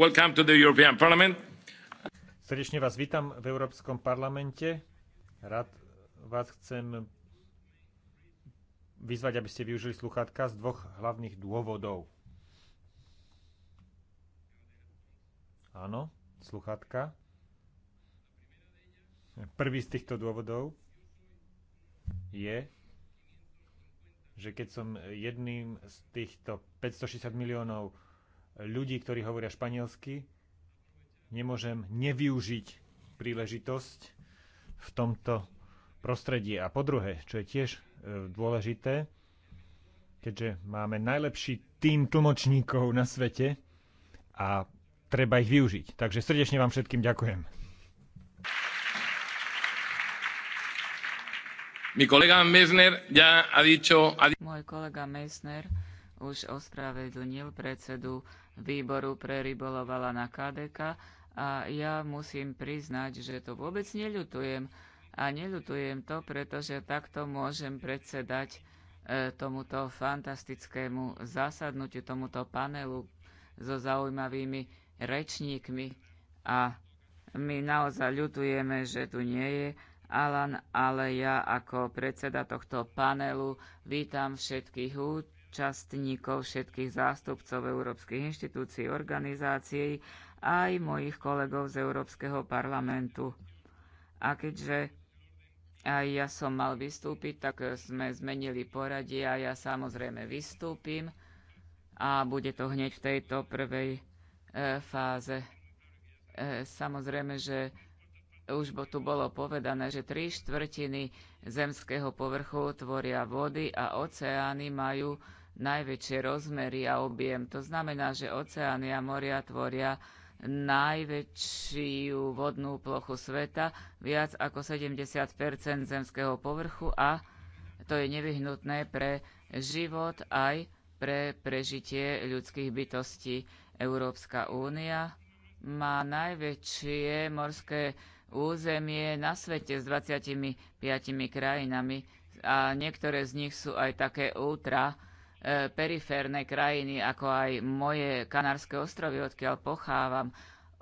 Welcome to the European Parliament. Srdečne vás vítam v Európskom parlamente. Rád vás chcem vyzvať, aby ste využili sluchátka z dvoch hlavných dôvodov. Áno, sluchátka. Prvý z týchto dôvodov je, že keď som jedným z týchto 560 miliónov ľudí, ktorí hovoria španielsky, nemôžem nevyužiť príležitosť v tomto prostredí. A po druhé, čo je tiež e, dôležité, keďže máme najlepší tým tlmočníkov na svete a treba ich využiť. Takže srdečne vám všetkým ďakujem. Mi kolega Meissner ja ha dicho... Môj kolega Meissner už ospravedlnil predsedu výboru pre rybolovala na KDK a ja musím priznať, že to vôbec neľutujem. A neľutujem to, pretože takto môžem predsedať e, tomuto fantastickému zasadnutiu, tomuto panelu so zaujímavými rečníkmi. A my naozaj ľutujeme, že tu nie je Alan, ale ja ako predseda tohto panelu vítam všetkých účastníkov všetkých zástupcov európskych inštitúcií, organizácií aj mojich kolegov z Európskeho parlamentu. A keďže aj ja som mal vystúpiť, tak sme zmenili poradie a ja samozrejme vystúpim a bude to hneď v tejto prvej e, fáze. E, samozrejme, že už bo tu bolo povedané, že tri štvrtiny zemského povrchu tvoria vody a oceány majú najväčšie rozmery a objem. To znamená, že oceány a moria tvoria najväčšiu vodnú plochu sveta, viac ako 70 zemského povrchu a to je nevyhnutné pre život aj pre prežitie ľudských bytostí. Európska únia má najväčšie morské územie na svete s 25 krajinami a niektoré z nich sú aj také ultra E, periférne krajiny, ako aj moje Kanárske ostrovy, odkiaľ pochávam.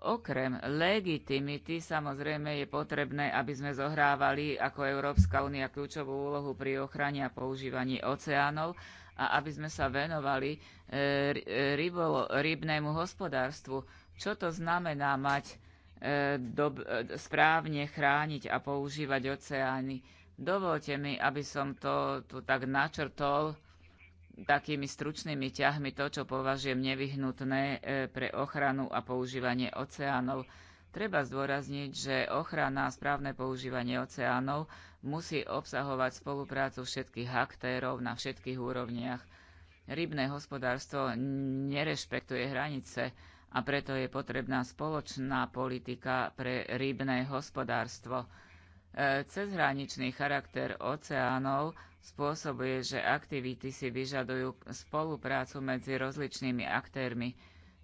Okrem legitimity samozrejme je potrebné, aby sme zohrávali ako Európska únia kľúčovú úlohu pri ochrane a používaní oceánov a aby sme sa venovali e, rybolo, rybnému hospodárstvu. Čo to znamená mať e, do, e, správne chrániť a používať oceány? Dovolte mi, aby som to tu tak načrtol takými stručnými ťahmi to, čo považujem nevyhnutné e, pre ochranu a používanie oceánov. Treba zdôrazniť, že ochrana a správne používanie oceánov musí obsahovať spoluprácu všetkých aktérov na všetkých úrovniach. Rybné hospodárstvo nerešpektuje hranice a preto je potrebná spoločná politika pre rybné hospodárstvo. E, cezhraničný charakter oceánov spôsobuje, že aktivity si vyžadujú spoluprácu medzi rozličnými aktérmi,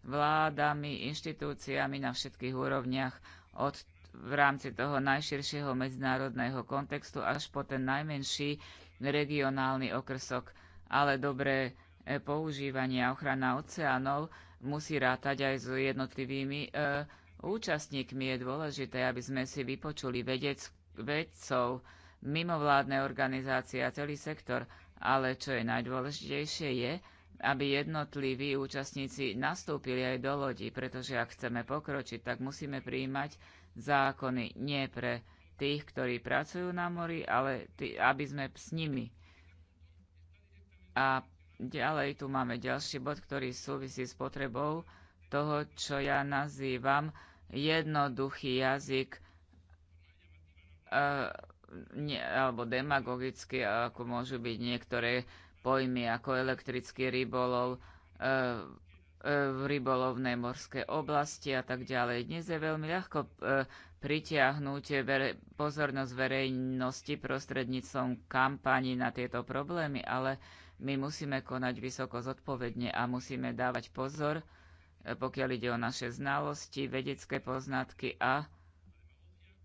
vládami, inštitúciami na všetkých úrovniach, od v rámci toho najširšieho medzinárodného kontextu až po ten najmenší regionálny okrsok. Ale dobré e, používanie a ochrana oceánov musí rátať aj s jednotlivými e, účastníkmi. Je dôležité, aby sme si vypočuli vedec, vedcov, mimovládne organizácie a celý sektor, ale čo je najdôležitejšie je, aby jednotliví účastníci nastúpili aj do lodi, pretože ak chceme pokročiť, tak musíme prijímať zákony nie pre tých, ktorí pracujú na mori, ale tý, aby sme s nimi. A ďalej tu máme ďalší bod, ktorý súvisí s potrebou toho, čo ja nazývam jednoduchý jazyk e, ne, alebo demagogicky, ako môžu byť niektoré pojmy ako elektrický rybolov, e, e v rybolovné morské oblasti a tak ďalej. Dnes je veľmi ľahko e, pritiahnuť pozornosť verejnosti prostredníctvom kampaní na tieto problémy, ale my musíme konať vysoko zodpovedne a musíme dávať pozor, e, pokiaľ ide o naše znalosti, vedecké poznatky a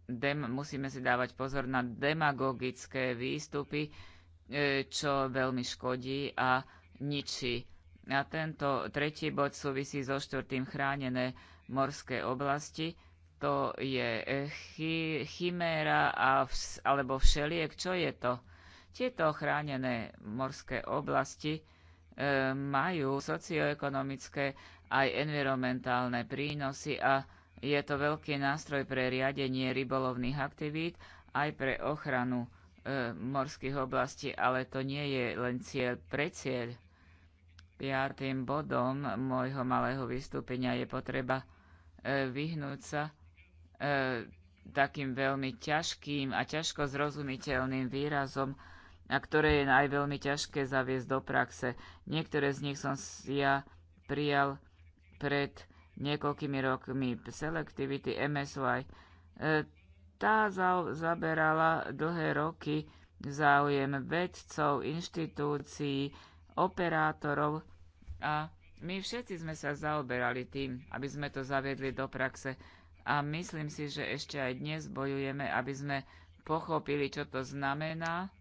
dem, musíme si dávať pozor na demagogické výstupy, e, čo veľmi škodí a ničí. A tento tretí bod súvisí so štvrtým chránené morské oblasti. To je e, chy, chiméra a vs, alebo všeliek. Čo je to? Tieto chránené morské oblasti e, majú socioekonomické aj environmentálne prínosy a je to veľký nástroj pre riadenie rybolovných aktivít aj pre ochranu e, morských oblastí, ale to nie je len cieľ pre cieľ. Piatým bodom môjho malého vystúpenia je potreba e, vyhnúť sa e, takým veľmi ťažkým a ťažko zrozumiteľným výrazom, a ktoré je aj veľmi ťažké zaviesť do praxe. Niektoré z nich som ja prijal pred niekoľkými rokmi selektivity MSY. E, tá zaberala dlhé roky záujem vedcov, inštitúcií, operátorov a my všetci sme sa zaoberali tým, aby sme to zaviedli do praxe a myslím si, že ešte aj dnes bojujeme, aby sme pochopili, čo to znamená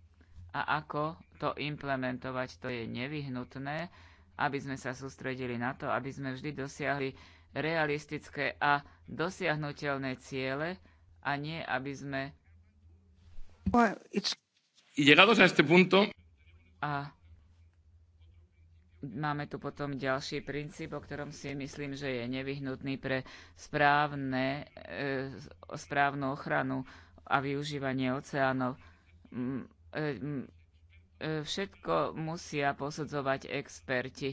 a ako to implementovať. To je nevyhnutné, aby sme sa sústredili na to, aby sme vždy dosiahli realistické a dosiahnutelné ciele a nie, aby sme... A máme tu potom ďalší princíp, o ktorom si myslím, že je nevyhnutný pre správne, e, správnu ochranu a využívanie oceánov. E, e, všetko musia posudzovať experti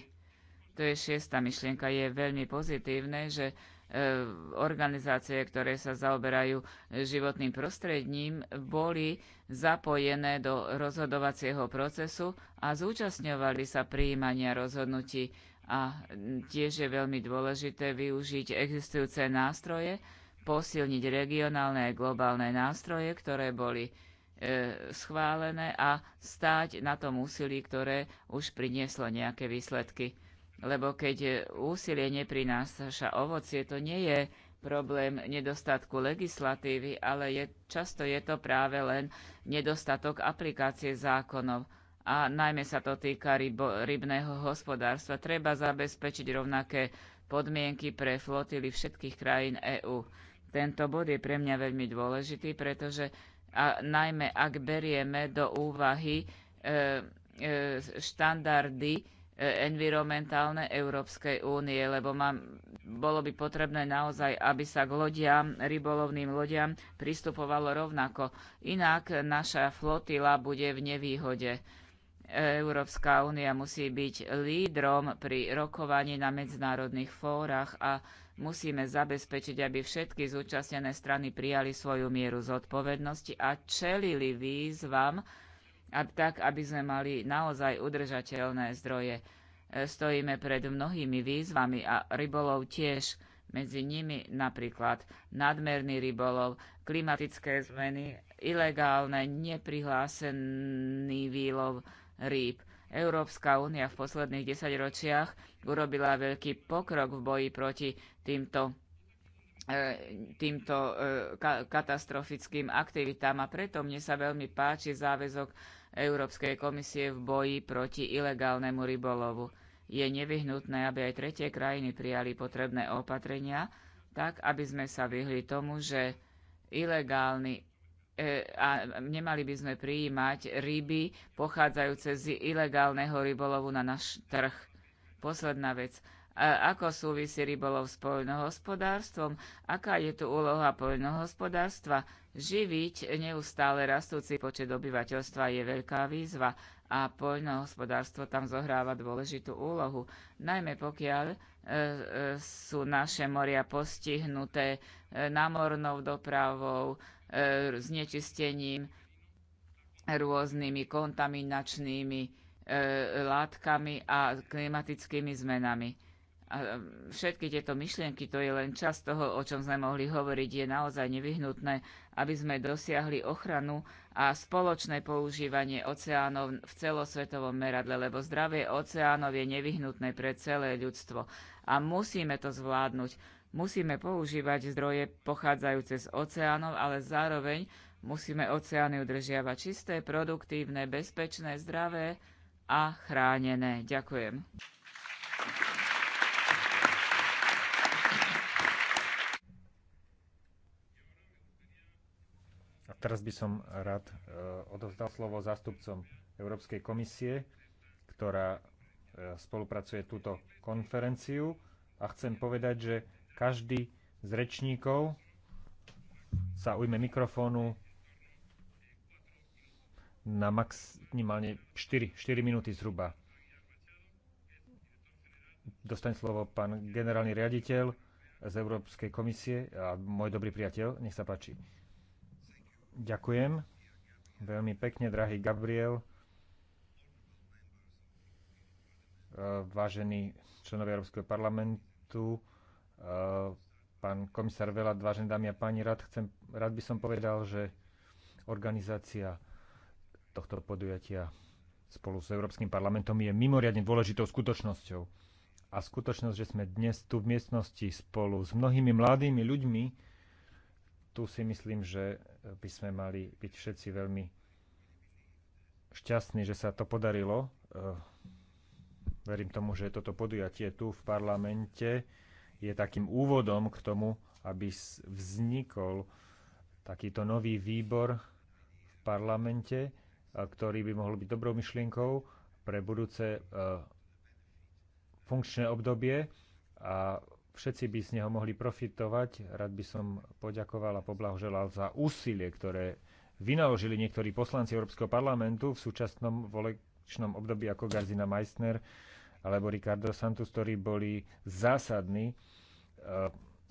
to je šiesta myšlienka. Je veľmi pozitívne, že e, organizácie, ktoré sa zaoberajú životným prostredním, boli zapojené do rozhodovacieho procesu a zúčastňovali sa prijímania rozhodnutí. A tiež je veľmi dôležité využiť existujúce nástroje, posilniť regionálne a globálne nástroje, ktoré boli e, schválené a stáť na tom úsilí, ktoré už prinieslo nejaké výsledky. Lebo keď úsilie neprináša ovocie, to nie je problém nedostatku legislatívy, ale je, často je to práve len nedostatok aplikácie zákonov. A najmä sa to týka rybo, rybného hospodárstva. Treba zabezpečiť rovnaké podmienky pre flotily všetkých krajín EÚ. Tento bod je pre mňa veľmi dôležitý, pretože a najmä ak berieme do úvahy e, e, štandardy, E, environmentálne Európskej únie, lebo ma, bolo by potrebné naozaj, aby sa k lodiam, rybolovným lodiam pristupovalo rovnako. Inak naša flotila bude v nevýhode. E, Európska únia musí byť lídrom pri rokovaní na medzinárodných fórach a musíme zabezpečiť, aby všetky zúčastnené strany prijali svoju mieru zodpovednosti a čelili výzvam, aby, tak, aby sme mali naozaj udržateľné zdroje. E, stojíme pred mnohými výzvami a rybolov tiež, medzi nimi napríklad nadmerný rybolov, klimatické zmeny, ilegálne, neprihlásený výlov rýb. Európska únia v posledných desaťročiach urobila veľký pokrok v boji proti týmto e, týmto e, katastrofickým aktivitám a preto mne sa veľmi páči záväzok Európskej komisie v boji proti ilegálnemu rybolovu. Je nevyhnutné, aby aj tretie krajiny prijali potrebné opatrenia, tak aby sme sa vyhli tomu, že ilegálny e, a nemali by sme prijímať ryby pochádzajúce z ilegálneho rybolovu na náš trh. Posledná vec ako súvisí rybolov s poľnohospodárstvom, aká je tu úloha poľnohospodárstva. Živiť neustále rastúci počet obyvateľstva je veľká výzva a poľnohospodárstvo tam zohráva dôležitú úlohu, najmä pokiaľ e, e, sú naše moria postihnuté e, námornou dopravou, e, znečistením, rôznymi kontaminačnými e, látkami a klimatickými zmenami. A všetky tieto myšlienky, to je len čas toho, o čom sme mohli hovoriť, je naozaj nevyhnutné, aby sme dosiahli ochranu a spoločné používanie oceánov v celosvetovom meradle, lebo zdravie oceánov je nevyhnutné pre celé ľudstvo. A musíme to zvládnuť. Musíme používať zdroje pochádzajúce z oceánov, ale zároveň musíme oceány udržiavať čisté, produktívne, bezpečné, zdravé a chránené. Ďakujem. Teraz by som rád e, odovzdal slovo zástupcom Európskej komisie, ktorá e, spolupracuje túto konferenciu a chcem povedať, že každý z rečníkov sa ujme mikrofónu na maximálne 4, 4 minúty zhruba. Dostaň slovo pán generálny riaditeľ z Európskej komisie a môj dobrý priateľ. Nech sa páči. Ďakujem. Veľmi pekne, drahý Gabriel. Eh, vážení členovia Európskeho parlamentu, eh, pán komisár Vela, vážené dámy a páni, rád, chcem, rád by som povedal, že organizácia tohto podujatia spolu s Európskym parlamentom je mimoriadne dôležitou skutočnosťou. A skutočnosť, že sme dnes tu v miestnosti spolu s mnohými mladými ľuďmi, tu si myslím, že by sme mali byť všetci veľmi šťastní, že sa to podarilo. E, verím tomu, že toto podujatie tu v parlamente je takým úvodom k tomu, aby vznikol takýto nový výbor v parlamente, e, ktorý by mohol byť dobrou myšlienkou pre budúce e, funkčné obdobie a Všetci by z neho mohli profitovať. Rád by som poďakoval a poblahoželal za úsilie, ktoré vynaložili niektorí poslanci Európskeho parlamentu v súčasnom volečnom období ako Garzina Meissner alebo Ricardo Santos, ktorí boli zásadní e,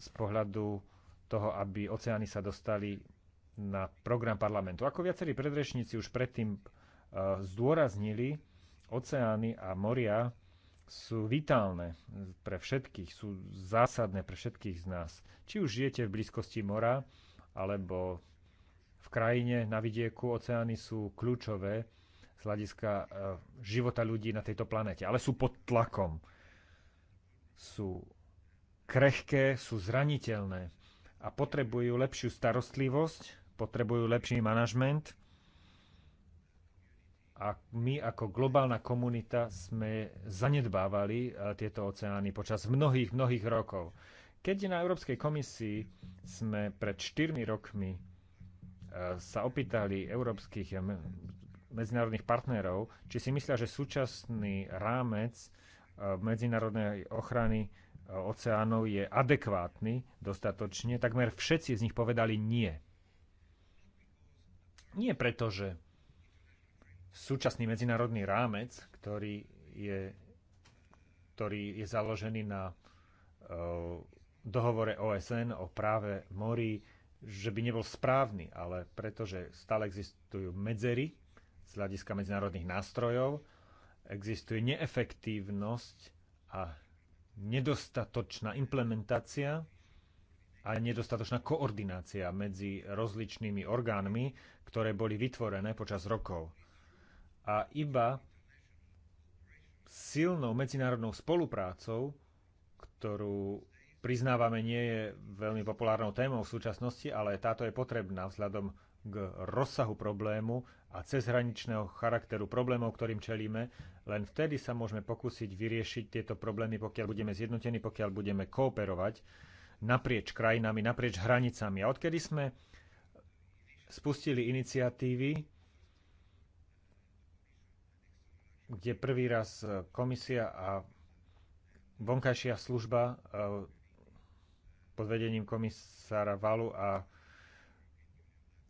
z pohľadu toho, aby oceány sa dostali na program parlamentu. Ako viacerí predrečníci už predtým e, zdôraznili, oceány a moria sú vitálne pre všetkých, sú zásadné pre všetkých z nás. Či už žijete v blízkosti mora, alebo v krajine na vidieku, oceány sú kľúčové z hľadiska e, života ľudí na tejto planete, ale sú pod tlakom. Sú krehké, sú zraniteľné a potrebujú lepšiu starostlivosť, potrebujú lepší manažment a my ako globálna komunita sme zanedbávali eh, tieto oceány počas mnohých, mnohých rokov. Keď na Európskej komisii sme pred 4 rokmi eh, sa opýtali európskych eh, medzinárodných partnerov, či si myslia, že súčasný rámec medzinárodnej ochrany oceánov je adekvátny dostatočne, takmer všetci z nich povedali nie. Nie preto, že súčasný medzinárodný rámec, ktorý je, ktorý je založený na e, dohovore OSN o práve morí, že by nebol správny, ale pretože stále existujú medzery z hľadiska medzinárodných nástrojov, existuje neefektívnosť a nedostatočná implementácia a nedostatočná koordinácia medzi rozličnými orgánmi, ktoré boli vytvorené počas rokov a iba silnou medzinárodnou spoluprácou, ktorú priznávame nie je veľmi populárnou témou v súčasnosti, ale táto je potrebná vzhľadom k rozsahu problému a cezhraničného charakteru problémov, ktorým čelíme. Len vtedy sa môžeme pokúsiť vyriešiť tieto problémy, pokiaľ budeme zjednotení, pokiaľ budeme kooperovať naprieč krajinami, naprieč hranicami. A odkedy sme spustili iniciatívy kde prvý raz e, komisia a vonkajšia služba e, pod vedením komisára Valu a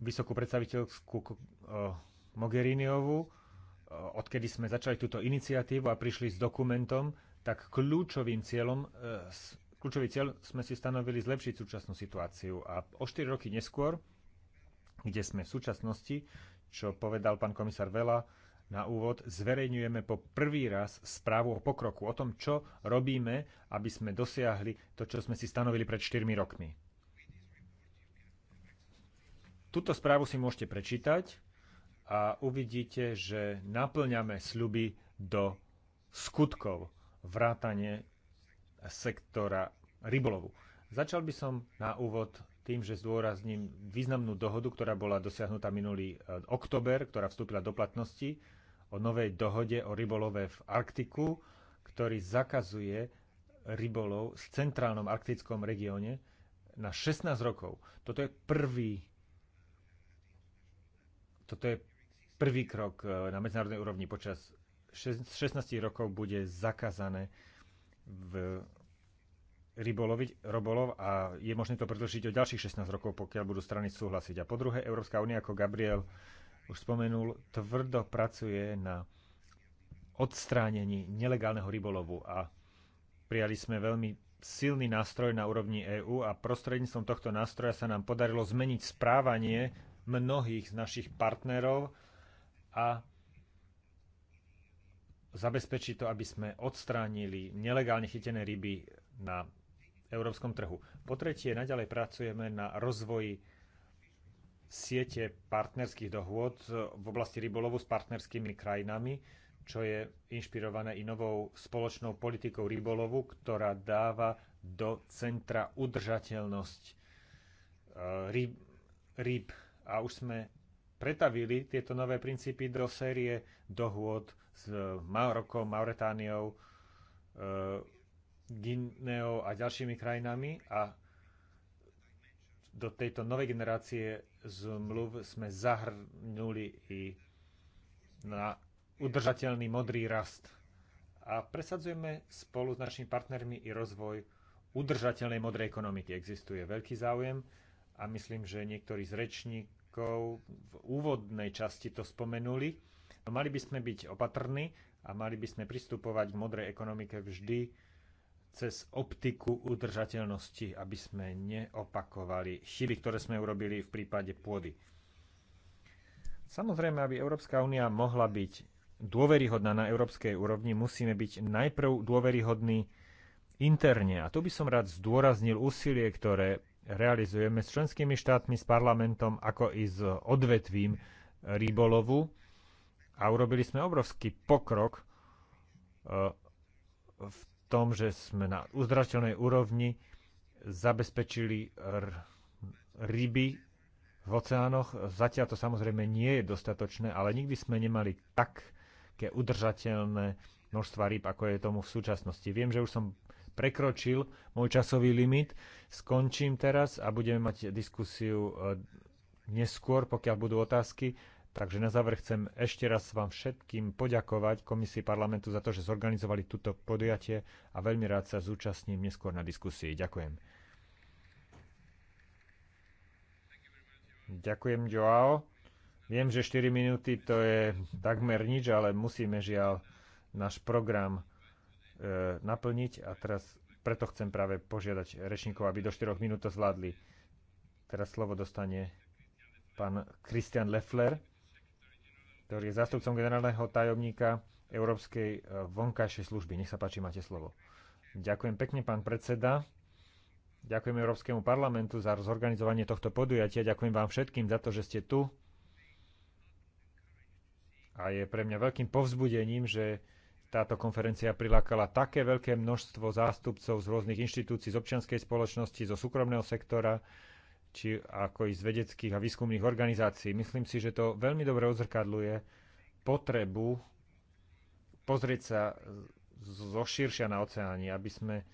vysokú predstaviteľskú e, Mogheriniovú, odkedy sme začali túto iniciatívu a prišli s dokumentom, tak kľúčovým cieľom, kľúčový cieľ sme si stanovili zlepšiť súčasnú situáciu. A o 4 roky neskôr, kde sme v súčasnosti, čo povedal pán komisár Vela, na úvod zverejňujeme po prvý raz správu o pokroku, o tom, čo robíme, aby sme dosiahli to, čo sme si stanovili pred 4 rokmi. Tuto správu si môžete prečítať a uvidíte, že naplňame sľuby do skutkov vrátane sektora rybolovu. Začal by som na úvod tým, že zdôrazním významnú dohodu, ktorá bola dosiahnutá minulý e, október, ktorá vstúpila do platnosti, o novej dohode o rybolove v Arktiku, ktorý zakazuje rybolov v centrálnom arktickom regióne na 16 rokov. Toto je prvý toto je prvý krok e, na medzinárodnej úrovni. Počas 16 rokov bude zakázané v ryboloviť, robolov a je možné to predlžiť o ďalších 16 rokov, pokiaľ budú strany súhlasiť. A po druhé, Európska únia, ako Gabriel už spomenul, tvrdo pracuje na odstránení nelegálneho rybolovu a prijali sme veľmi silný nástroj na úrovni EÚ a prostredníctvom tohto nástroja sa nám podarilo zmeniť správanie mnohých z našich partnerov a zabezpečiť to, aby sme odstránili nelegálne chytené ryby na európskom trhu. Po tretie, naďalej pracujeme na rozvoji siete partnerských dohôd v oblasti rybolovu s partnerskými krajinami, čo je inšpirované i novou spoločnou politikou rybolovu, ktorá dáva do centra udržateľnosť e, rýb, ryb. A už sme pretavili tieto nové princípy do série dohôd s Marokom, Mauretániou, e, Gineou a ďalšími krajinami a do tejto novej generácie zmluv sme zahrnuli i na udržateľný modrý rast. A presadzujeme spolu s našimi partnermi i rozvoj udržateľnej modrej ekonomiky. Existuje veľký záujem a myslím, že niektorí z rečníkov v úvodnej časti to spomenuli. No mali by sme byť opatrní a mali by sme pristupovať k modrej ekonomike vždy cez optiku udržateľnosti, aby sme neopakovali chyby, ktoré sme urobili v prípade pôdy. Samozrejme, aby Európska únia mohla byť dôveryhodná na európskej úrovni, musíme byť najprv dôveryhodní interne. A tu by som rád zdôraznil úsilie, ktoré realizujeme s členskými štátmi, s parlamentom, ako i s odvetvím rybolovu. A urobili sme obrovský pokrok e, v tom, že sme na uzdravčenej úrovni zabezpečili ryby v oceánoch. Zatiaľ to samozrejme nie je dostatočné, ale nikdy sme nemali také udržateľné množstva rýb, ako je tomu v súčasnosti. Viem, že už som prekročil môj časový limit. Skončím teraz a budeme mať diskusiu e, neskôr, pokiaľ budú otázky. Takže na záver chcem ešte raz vám všetkým poďakovať Komisii parlamentu za to, že zorganizovali túto podujatie a veľmi rád sa zúčastním neskôr na diskusii. Ďakujem. Ďakujem, Joao. Viem, že 4 minúty to je takmer nič, ale musíme žiaľ náš program e, naplniť a teraz preto chcem práve požiadať rečníkov, aby do 4 minút to zvládli. Teraz slovo dostane pán Christian Leffler ktorý je zástupcom generálneho tajomníka Európskej e, vonkajšej služby. Nech sa páči, máte slovo. Ďakujem pekne, pán predseda. Ďakujem Európskemu parlamentu za zorganizovanie tohto podujatia. Ďakujem vám všetkým za to, že ste tu. A je pre mňa veľkým povzbudením, že táto konferencia prilákala také veľké množstvo zástupcov z rôznych inštitúcií, z občianskej spoločnosti, zo súkromného sektora, či ako i z vedeckých a výskumných organizácií. Myslím si, že to veľmi dobre odzrkadluje potrebu pozrieť sa zo širšia na oceáni, aby sme e,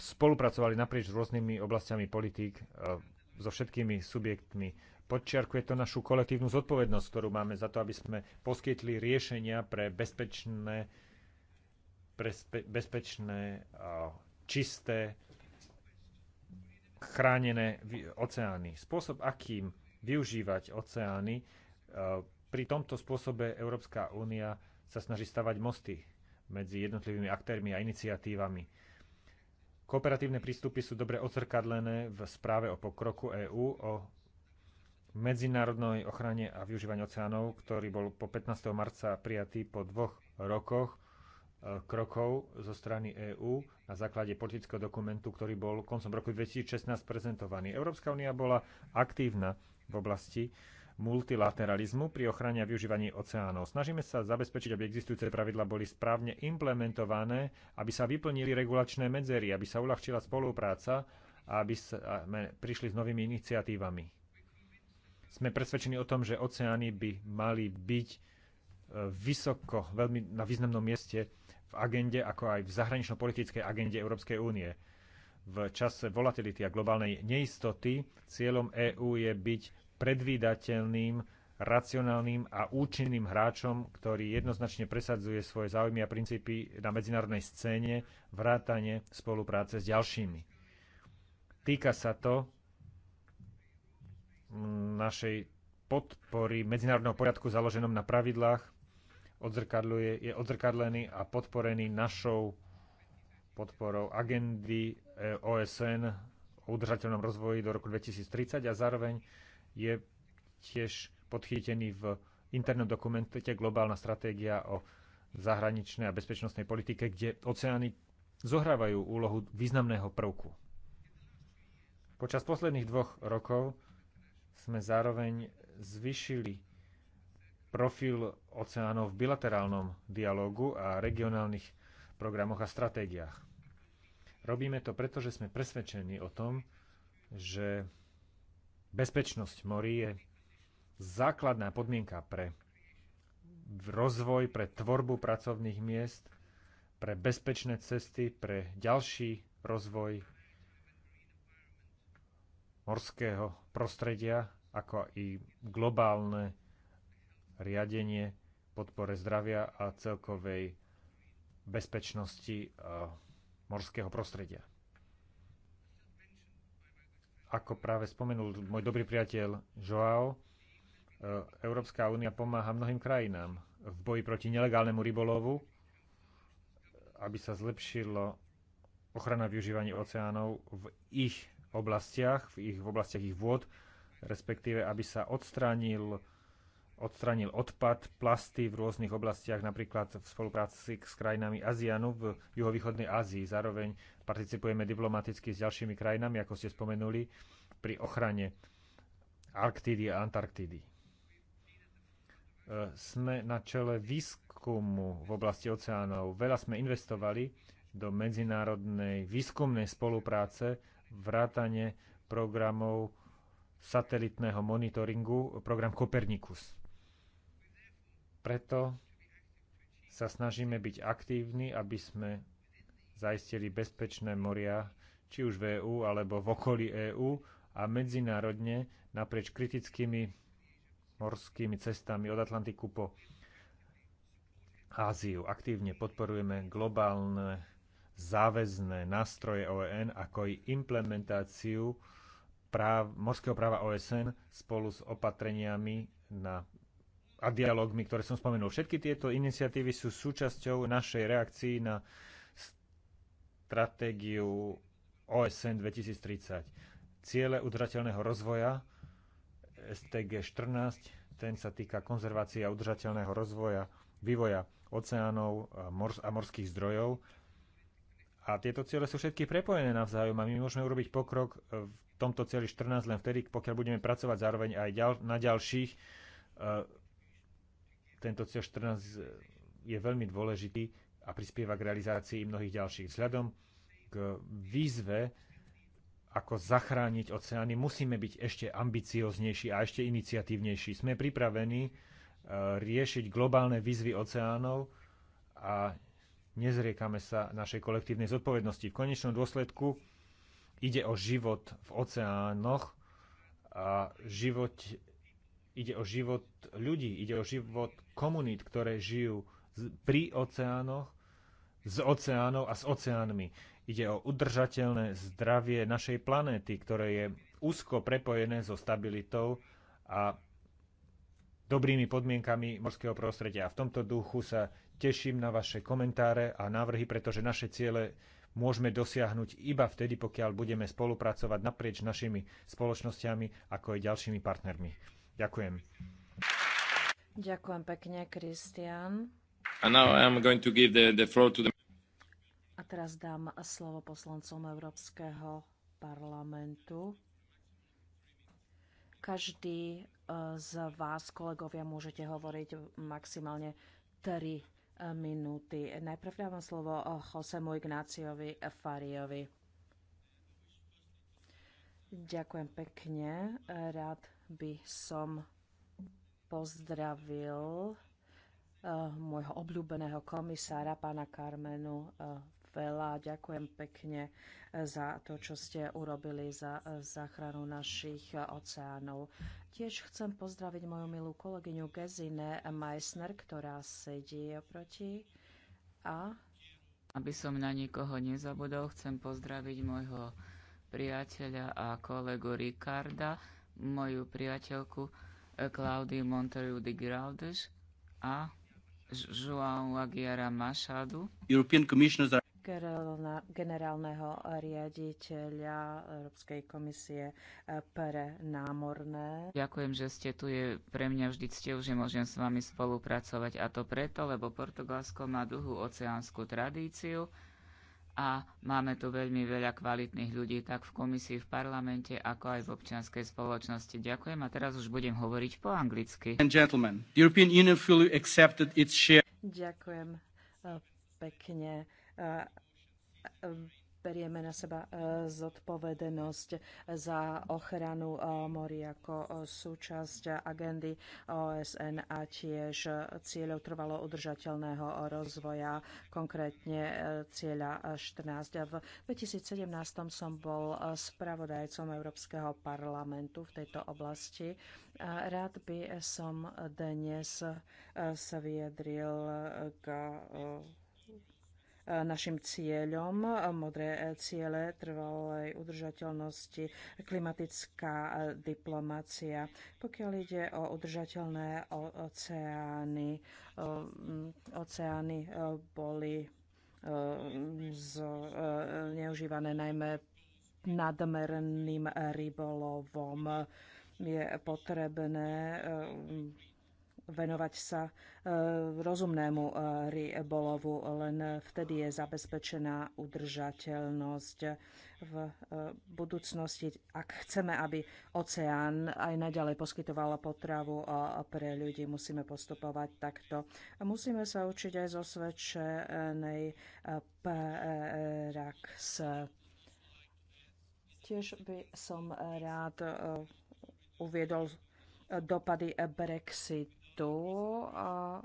spolupracovali naprieč s rôznymi oblastiami politík e, so všetkými subjektmi. Podčiarkuje to našu kolektívnu zodpovednosť, ktorú máme za to, aby sme poskytli riešenia pre bezpečné, pre bezpečné čisté chránené oceány. Spôsob, akým využívať oceány, e, pri tomto spôsobe Európska únia sa snaží stavať mosty medzi jednotlivými aktérmi a iniciatívami. Kooperatívne prístupy sú dobre odzrkadlené v správe o pokroku EÚ o medzinárodnej ochrane a využívaní oceánov, ktorý bol po 15. marca prijatý po dvoch rokoch E, krokov zo strany EÚ na základe politického dokumentu, ktorý bol koncom roku 2016 prezentovaný. Európska únia bola aktívna v oblasti multilateralizmu pri ochrane a využívaní oceánov. Snažíme sa zabezpečiť, aby existujúce pravidla boli správne implementované, aby sa vyplnili regulačné medzery, aby sa uľahčila spolupráca a aby sme prišli s novými iniciatívami. Sme presvedčení o tom, že oceány by mali byť e, vysoko, veľmi na významnom mieste v agende, ako aj v zahranično-politickej agende Európskej únie. V čase volatility a globálnej neistoty cieľom EÚ je byť predvídateľným, racionálnym a účinným hráčom, ktorý jednoznačne presadzuje svoje záujmy a princípy na medzinárodnej scéne, vrátane spolupráce s ďalšími. Týka sa to mm, našej podpory medzinárodného poriadku založenom na pravidlách odzrkadľuje, je odzrkadlený a podporený našou podporou agendy e, OSN o udržateľnom rozvoji do roku 2030 a zároveň je tiež podchytený v internom dokumente Globálna stratégia o zahraničnej a bezpečnostnej politike, kde oceány zohrávajú úlohu významného prvku. Počas posledných dvoch rokov sme zároveň zvyšili profil oceánov v bilaterálnom dialogu a regionálnych programoch a stratégiách. Robíme to preto, že sme presvedčení o tom, že bezpečnosť morí je základná podmienka pre rozvoj, pre tvorbu pracovných miest, pre bezpečné cesty, pre ďalší rozvoj morského prostredia, ako i globálne riadenie, podpore zdravia a celkovej bezpečnosti e, morského prostredia. Ako práve spomenul môj dobrý priateľ Joao, e, Európska únia pomáha mnohým krajinám v boji proti nelegálnemu rybolovu, aby sa zlepšilo ochrana využívania oceánov v ich oblastiach, v ich v oblastiach ich vôd, respektíve aby sa odstránil odstranil odpad, plasty v rôznych oblastiach, napríklad v spolupráci s krajinami Azianu v juhovýchodnej Ázii. Zároveň participujeme diplomaticky s ďalšími krajinami, ako ste spomenuli, pri ochrane Arktídy a Antarktídy. E, sme na čele výskumu v oblasti oceánov. Veľa sme investovali do medzinárodnej výskumnej spolupráce, vrátane programov satelitného monitoringu, program Copernicus. Preto sa snažíme byť aktívni, aby sme zaistili bezpečné moria, či už v EÚ alebo v okolí EÚ a medzinárodne naprieč kritickými morskými cestami od Atlantiku po Áziu. Aktívne podporujeme globálne záväzné nástroje OEN, ako i implementáciu práv, morského práva OSN e spolu s opatreniami na a dialogmi, ktoré som spomenul. Všetky tieto iniciatívy sú súčasťou našej reakcii na stratégiu OSN 2030. Ciele udržateľného rozvoja STG 14, ten sa týka konzervácie a udržateľného rozvoja, vývoja oceánov a, mors- a morských zdrojov. A tieto ciele sú všetky prepojené navzájom a my môžeme urobiť pokrok v tomto cieli 14 len vtedy, pokiaľ budeme pracovať zároveň aj ďal- na ďalších uh, tento cieľ 14 eh, je veľmi dôležitý a prispieva k realizácii mnohých ďalších. Vzhľadom k výzve, ako zachrániť oceány, musíme byť ešte ambicioznejší a ešte iniciatívnejší. Sme pripravení eh, riešiť globálne výzvy oceánov a nezriekame sa našej kolektívnej zodpovednosti. V konečnom dôsledku ide o život v oceánoch a život Ide o život ľudí, ide o život komunít, ktoré žijú pri oceánoch, z oceánov a s oceánmi. Ide o udržateľné zdravie našej planéty, ktoré je úzko prepojené so stabilitou a dobrými podmienkami morského prostredia. A v tomto duchu sa teším na vaše komentáre a návrhy, pretože naše ciele môžeme dosiahnuť iba vtedy, pokiaľ budeme spolupracovať naprieč našimi spoločnosťami, ako aj ďalšími partnermi. Ďakujem. Ďakujem pekne, Kristian. A teraz dám slovo poslancom Európskeho parlamentu. Každý e, z vás, kolegovia, môžete hovoriť maximálne 3 e, minúty. Najprv dávam slovo e, Josemu Ignáciovi Fariovi. Ďakujem pekne. Rád by som pozdravil eh, môjho obľúbeného komisára, pána Karmenu eh, Vela. Ďakujem pekne eh, za to, čo ste urobili za záchranu našich oceánov. Tiež chcem pozdraviť moju milú kolegyňu Gezine Meissner, ktorá sedí oproti. A aby som na nikoho nezabudol, chcem pozdraviť môjho priateľa a kolegu Ricarda, moju priateľku eh, Claudiu Monteriu de Giraldes a João Aguiara Machado, generálneho riaditeľa Európskej komisie eh, pre námorné. Ďakujem, že ste tu. Je pre mňa vždy cťou, že môžem s vami spolupracovať. A to preto, lebo Portugalsko má dlhú oceánsku tradíciu a máme tu veľmi veľa kvalitných ľudí, tak v komisii, v parlamente, ako aj v občianskej spoločnosti. Ďakujem a teraz už budem hovoriť po anglicky. Ďakujem eh, pekne. Eh, eh, berieme na seba e, zodpovednosť za ochranu e, mori ako e, súčasť agendy OSN a tiež cieľov trvalo udržateľného rozvoja, konkrétne cieľa 14. V 2017 som bol spravodajcom Európskeho parlamentu v tejto oblasti. Rád by som dnes sa vyjadril k našim cieľom, modré ciele trvalej udržateľnosti, klimatická diplomácia. Pokiaľ ide o udržateľné oceány, eh, oceány eh, boli eh, zneužívané najmä nadmerným rybolovom. Je potrebné venovať sa e, rozumnému e, rybolovu. Len vtedy je zabezpečená udržateľnosť v e, budúcnosti, ak chceme, aby oceán aj naďalej poskytoval potravu pre ľudí, musíme postupovať takto. Musíme sa učiť aj zo svedčenej praxe. Tiež by som rád uviedol dopady Brexitu dopredu, a,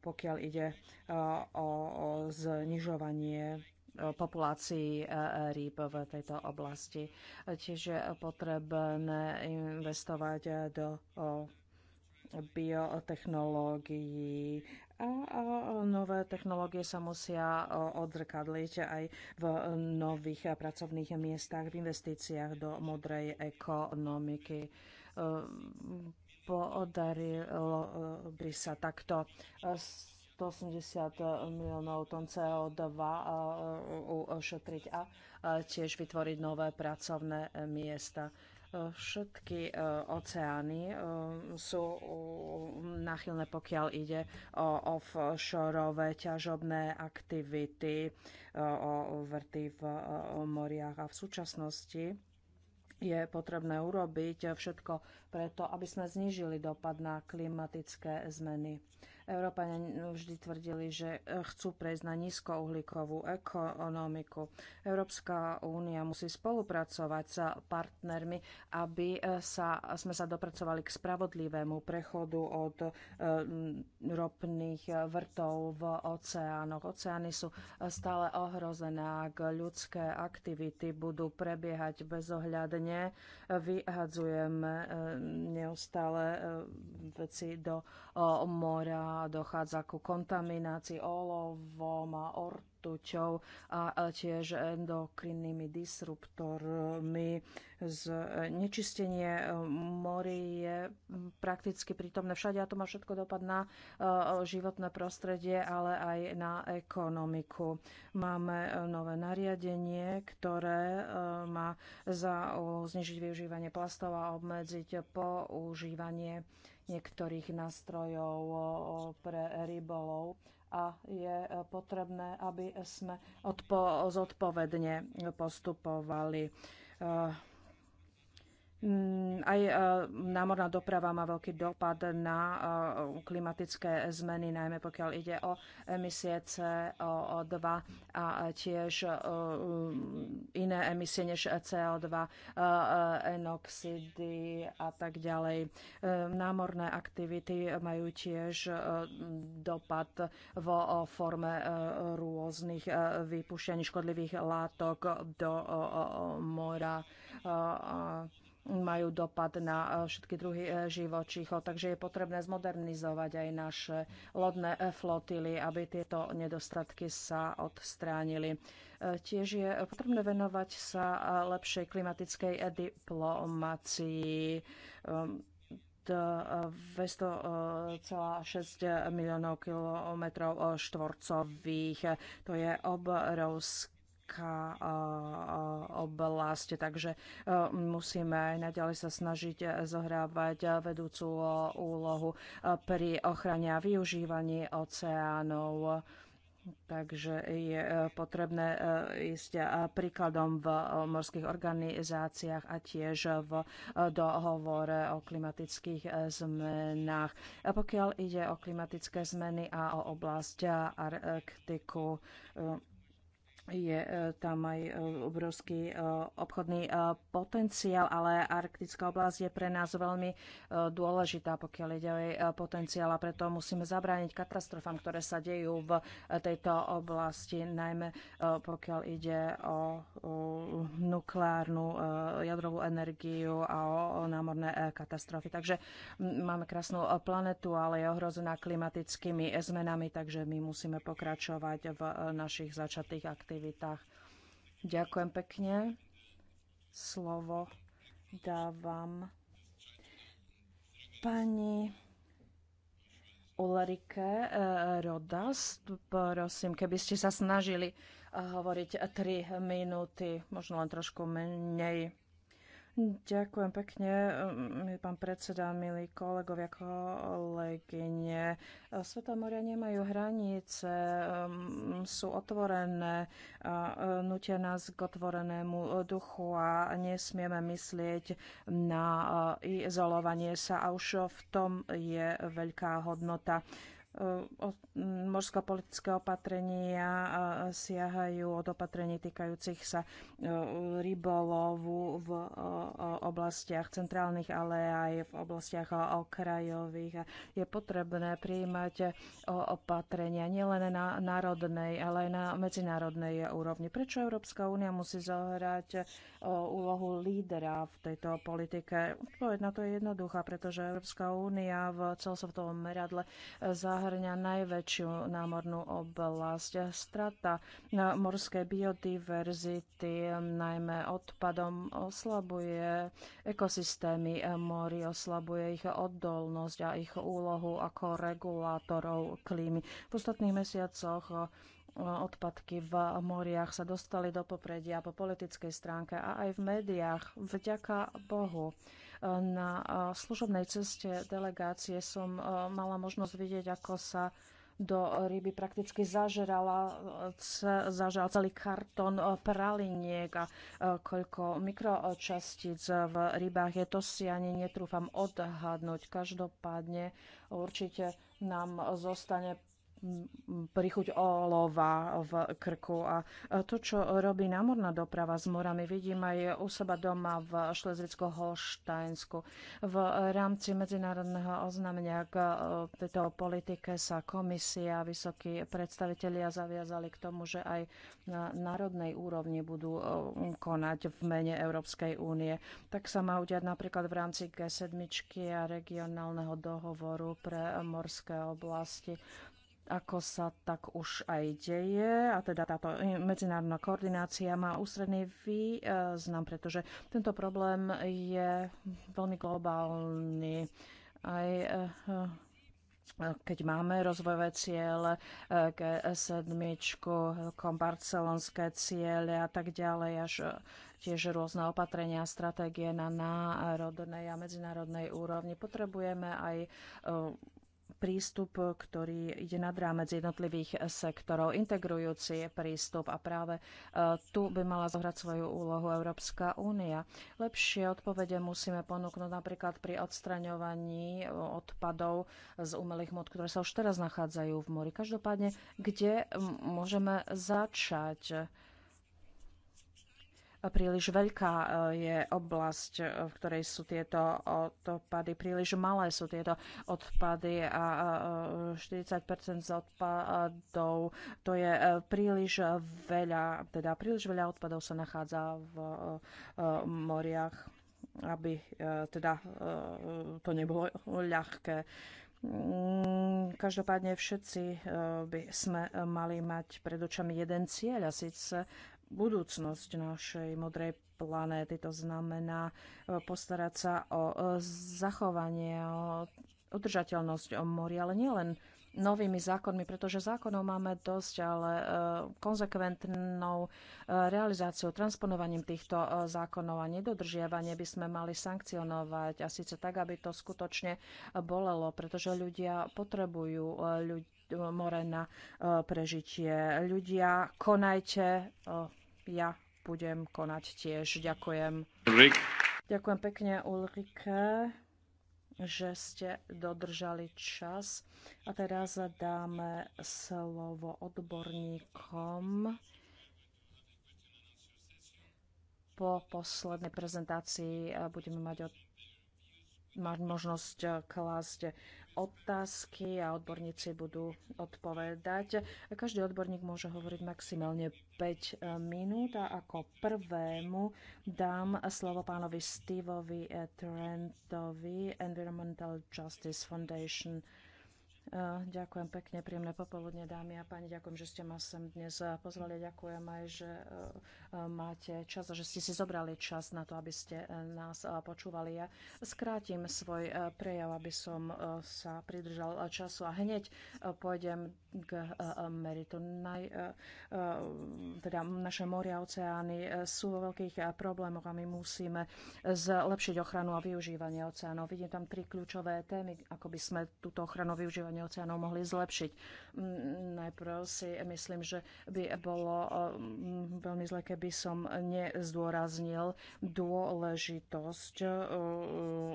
pokiaľ ide o znižovanie populácii e, e, rýb v tejto oblasti. Tiež je potrebné investovať do biotechnológií a nové technológie sa musia odzrkadliť aj v nových pracovných miestach, v investíciách do modrej ekonomiky podarilo eh, by sa takto 180 eh, miliónov tón CO2 eh, ušetriť a tiež vytvoriť nové pracovné miesta. Všetky oceány sú nachylné, pokiaľ ide o offshore ťažobné aktivity, o vrty v moriach a v súčasnosti je potrebné urobiť všetko preto, aby sme znížili dopad na klimatické zmeny. Európania vždy tvrdili, že e, chcú prejsť na nízkouhlíkovú ekonomiku. Európska únia musí spolupracovať s partnermi, aby e, sa, sme sa dopracovali k spravodlivému prechodu od e, ropných vrtov v oceánoch. Oceány sú stále ohrozené, ak ľudské aktivity budú prebiehať bezohľadne. Vyhadzujeme neustále veci do mora dochádza ku kontaminácii olovom a ortuťou a tiež endokrinnými disruptormi Znečistenie e, e, mori je prakticky prítomné všade a to má všetko dopad na e, životné prostredie, ale aj na ekonomiku. Máme nové nariadenie, ktoré má za znižiť využívanie plastov a obmedziť používanie niektorých nástrojov pre rybolov a je potrebné, aby sme odpo- zodpovedne postupovali. Mm, aj e, námorná doprava má veľký dopad na e, klimatické zmeny, najmä pokiaľ ide o emisie CO2 a tiež e, iné emisie než CO2, enoxidy a tak ďalej. Námorné aktivity majú tiež dopad vo forme rôznych vypušťaní škodlivých látok do mora majú dopad na e, všetky druhy e, živočíchov, takže je potrebné zmodernizovať aj naše lodné e, flotily, aby tieto nedostatky sa odstránili. Tiež je potrebné venovať sa lepšej klimatickej diplomácii. 200,6 miliónov kilometrov štvorcových. To je obrovské veľká eh, eh, oblasť, takže eh, musíme aj naďalej sa snažiť zohrávať vedúcu úlohu pri ochrane a využívaní oceánov. Takže je potrebné ísť príkladom v morských organizáciách a tiež v dohovore o klimatických zmenách. A pokiaľ ide o klimatické zmeny a o oblasť Arktiku, je e, tam aj e, obrovský e, obchodný potenciál, ale arktická oblasť je pre nás veľmi dôležitá, pokiaľ ide o jej potenciál a preto musíme zabrániť katastrofám, ktoré sa dejú v tejto oblasti, najmä pokiaľ ide o nukleárnu jadrovú energiu a o námorné katastrofy. Takže máme krásnu planetu, ale je ohrozená klimatickými zmenami, takže my musíme pokračovať v našich začatých aktivitách aktivitách. Ďakujem pekne. Slovo dávam pani Ulrike eh, Rodas. Prosím, keby ste sa snažili eh, hovoriť 3 minúty, možno len trošku menej. Ďakujem pekne, pán predseda, milí kolegovia, kolegyne. moria nemajú hranice, sú otvorené, e, nutia nás k otvorenému duchu a nesmieme myslieť na e, izolovanie sa a už v tom je veľká hodnota politické opatrenia siahajú od opatrení týkajúcich sa e, rybolovu v oblastiach centrálnych, ale aj v oblastiach okrajových. Je potrebné prijímať e, opatrenia nielen na národnej, ale aj na medzinárodnej úrovni. Prečo Európska únia musí zohrať e, úlohu lídera v tejto politike? Odpoveď na to je jednoduchá, pretože Európska únia v celosvetovom meradle zahrá zahrňa najväčšiu námornú oblasť. Strata morskej biodiverzity, najmä odpadom, oslabuje ekosystémy mori, oslabuje ich odolnosť a ich úlohu ako regulátorov klímy. V ostatných mesiacoch odpadky v moriach sa dostali do popredia po politickej stránke a aj v médiách. Vďaka Bohu. Na eh, služobnej ceste delegácie som eh, mala možnosť vidieť, ako sa do ryby prakticky zažerala, eh, zažal celý kartón praliniek a koľko mikročastíc v rybách je, to si ani netrúfam odhadnúť. Každopádne určite nám zostane prichuť olova v krku. A to, čo robí námorná doprava s morami, vidím aj u seba doma v šlezicko holštajnsku V rámci medzinárodného oznámenia k e, tejto politike sa komisia a vysokí predstavitelia zaviazali k tomu, že aj na národnej úrovni budú e, konať v mene Európskej únie. Tak sa má udiať napríklad v rámci G7 a regionálneho dohovoru pre morské oblasti ako sa tak už aj deje. A teda táto medzinárodná koordinácia má ústredný význam, pretože tento problém je veľmi globálny. Aj eh, keď máme rozvojové ciele, eh, G7, barcelonské ciele a tak ďalej, až eh, tiež rôzne opatrenia a stratégie na národnej a medzinárodnej úrovni. Potrebujeme aj prístup, ktorý ide nad rámec jednotlivých sektorov, integrujúci prístup a práve e, tu by mala zohrať svoju úlohu Európska únia. Lepšie odpovede musíme ponúknuť napríklad pri odstraňovaní e, odpadov z umelých mod, ktoré sa už teraz nachádzajú v mori. Každopádne, kde môžeme začať? príliš veľká e, je oblasť, e, v ktorej sú tieto odpady, príliš malé sú tieto odpady a 40 e, z odpadov to je príliš veľa, teda príliš veľa odpadov sa nachádza v moriach, aby teda to nebolo ľahké. Mm, každopádne všetci by sme mali mať pred očami jeden cieľ a síce budúcnosť našej modrej planéty. To znamená e, postarať sa o e, zachovanie, o udržateľnosť o mori, ale nielen novými zákonmi, pretože zákonov máme dosť, ale e, konzekventnou realizáciou, transponovaním týchto zákonov a nedodržiavanie by sme mali sankcionovať a síce tak, aby to skutočne bolelo, pretože ľudia potrebujú ľudia, more na prežitie. Ľudia, konajte, ja budem konať tiež. Ďakujem. Ulrik. Ďakujem pekne Ulrike, že ste dodržali čas. A teraz dáme slovo odborníkom po poslednej prezentácii budeme mať od mať možnosť eh, klásť otázky a odborníci budú odpovedať. Každý odborník môže hovoriť maximálne 5 eh, minút a ako prvému dám slovo pánovi Steveovi eh, Trentovi, Environmental Justice Foundation Eh, ďakujem pekne, príjemné popoludne, dámy a páni. Ďakujem, že ste ma sem dnes eh, pozvali. Ďakujem aj, že eh, máte čas a že ste si zobrali čas na to, aby ste nás počúvali. Ja skrátim svoj prejav, aby som sa pridržal času a hneď pôjdem k meritu. Naj, teda naše moria a oceány sú vo veľkých problémoch a my musíme zlepšiť ochranu a využívanie oceánov. Vidím tam tri kľúčové témy, ako by sme túto ochranu využívania riadenie oceánov mohli zlepšiť. Mm, Najprv si myslím, že by bolo mm, veľmi zle, keby som nezdôraznil dôležitosť e,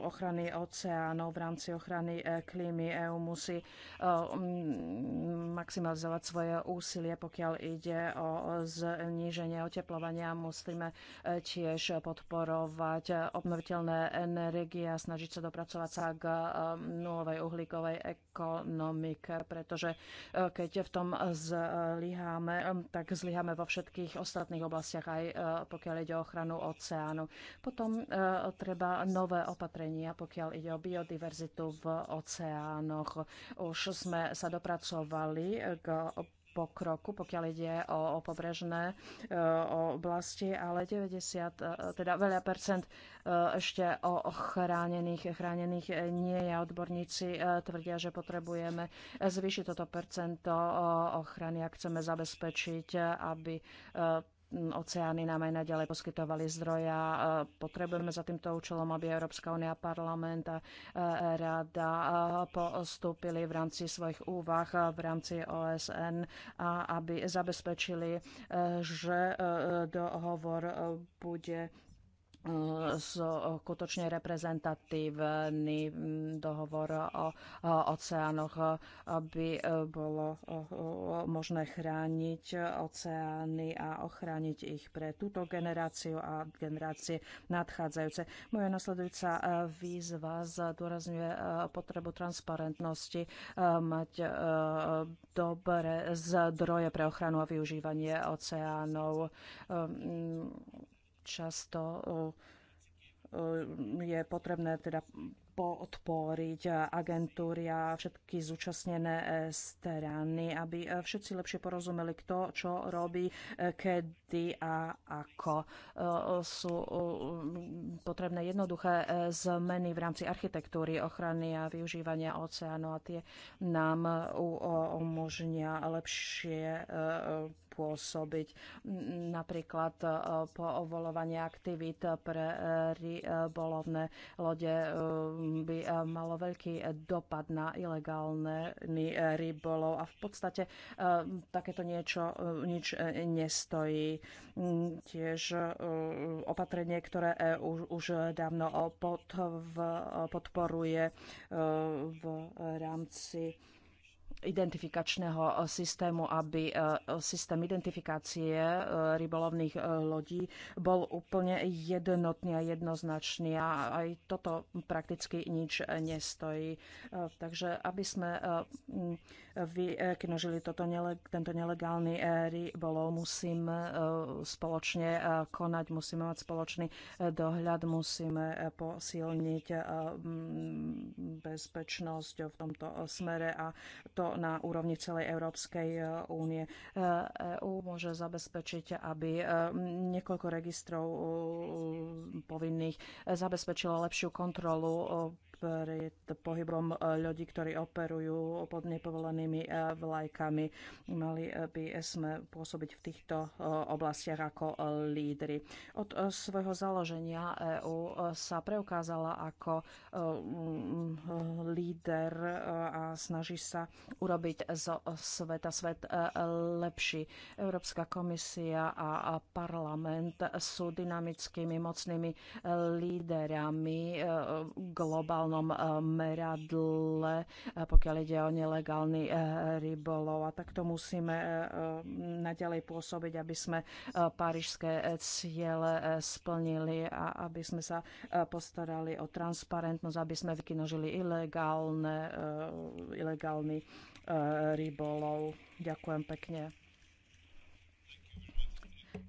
ochrany oceánov v rámci ochrany e, klímy. EU musí e, mm, maximalizovať svoje úsilie, pokiaľ ide o zníženie oteplovania. Musíme tiež podporovať obnoviteľné energie a snažiť sa dopracovať sa k nulovej uhlíkovej ekonomii ekonomike, pretože e, keď v tom zlyháme, e, tak zlyháme vo všetkých ostatných oblastiach, aj e, pokiaľ ide o ochranu oceánu. Potom treba nové opatrenia, pokiaľ ide o biodiverzitu v oceánoch. Už sme sa dopracovali k pokroku, pokiaľ ide o, o pobrežné e, oblasti, ale 90, e, teda veľa percent e, ešte o chránených, chránených nie je. Odborníci tvrdia, že potrebujeme zvýšiť toto percento ochrany, ak chceme zabezpečiť, aby oceány nám aj naďalej poskytovali zdroja. E, potrebujeme za týmto účelom, aby Európska únia, parlament a e, rada e, postúpili v rámci svojich úvah v rámci OSN a aby zabezpečili, že dohovor bude skutočne reprezentatívny dohovor o oceánoch, aby e, bolo možné chrániť oceány a ochrániť ich pre túto generáciu a generácie nadchádzajúce. Moja nasledujúca e, výzva zdôrazňuje e, potrebu transparentnosti, mať dobré zdroje pre ochranu a využívanie oceánov často eh, je potrebné teda podporiť agentúry a všetky zúčastnené eh, strany, aby eh, všetci lepšie porozumeli, kto čo robí, kedy a ako. Sú potrebné jednoduché zmeny v rámci architektúry ochrany a využívania oceánu a tie nám umožnia lepšie pôsobiť. Napríklad e, povolovanie aktivít pre e, rybolovné e, lode by malo veľký dopad na ilegálne rybolov a v podstate takéto niečo nič nestojí. Tiež opatrenie, ktoré EU už dávno podporuje v rámci identifikačného eh, systému, aby eh, systém identifikácie eh, rybolovných lodí bol úplne jednotný a jednoznačný a aj toto prakticky nič nestojí. Takže aby sme mm, vyknožili toto, tento nelegálny rybolov, musíme spoločne konať, musíme mať spoločný dohľad, musíme posilniť mm, bezpečnosť v tomto smere a to na úrovni celej Európskej e, únie. EÚ e môže zabezpečiť, aby e, niekoľko registrov povinných zabezpečilo lepšiu kontrolu pred pohybom e, ľudí, ktorí operujú pod nepovolenými e, vlajkami. Mali by sme pôsobiť v týchto e, oblastiach ako lídry. Od svojho založenia EÚ sa preukázala ako líder a snaží sa urobiť zo sveta svet lepší. Európska komisia a parlament sú dynamickými mocnými líderami globálnej globálnom eh, meradle, eh, pokiaľ ide o nelegálny eh, rybolov. A takto musíme naďalej pôsobiť, aby sme parížské ciele splnili a aby sme sa postarali o transparentnosť, aby sme vykinožili ilegálne, ilegálny rybolov. Ďakujem pekne.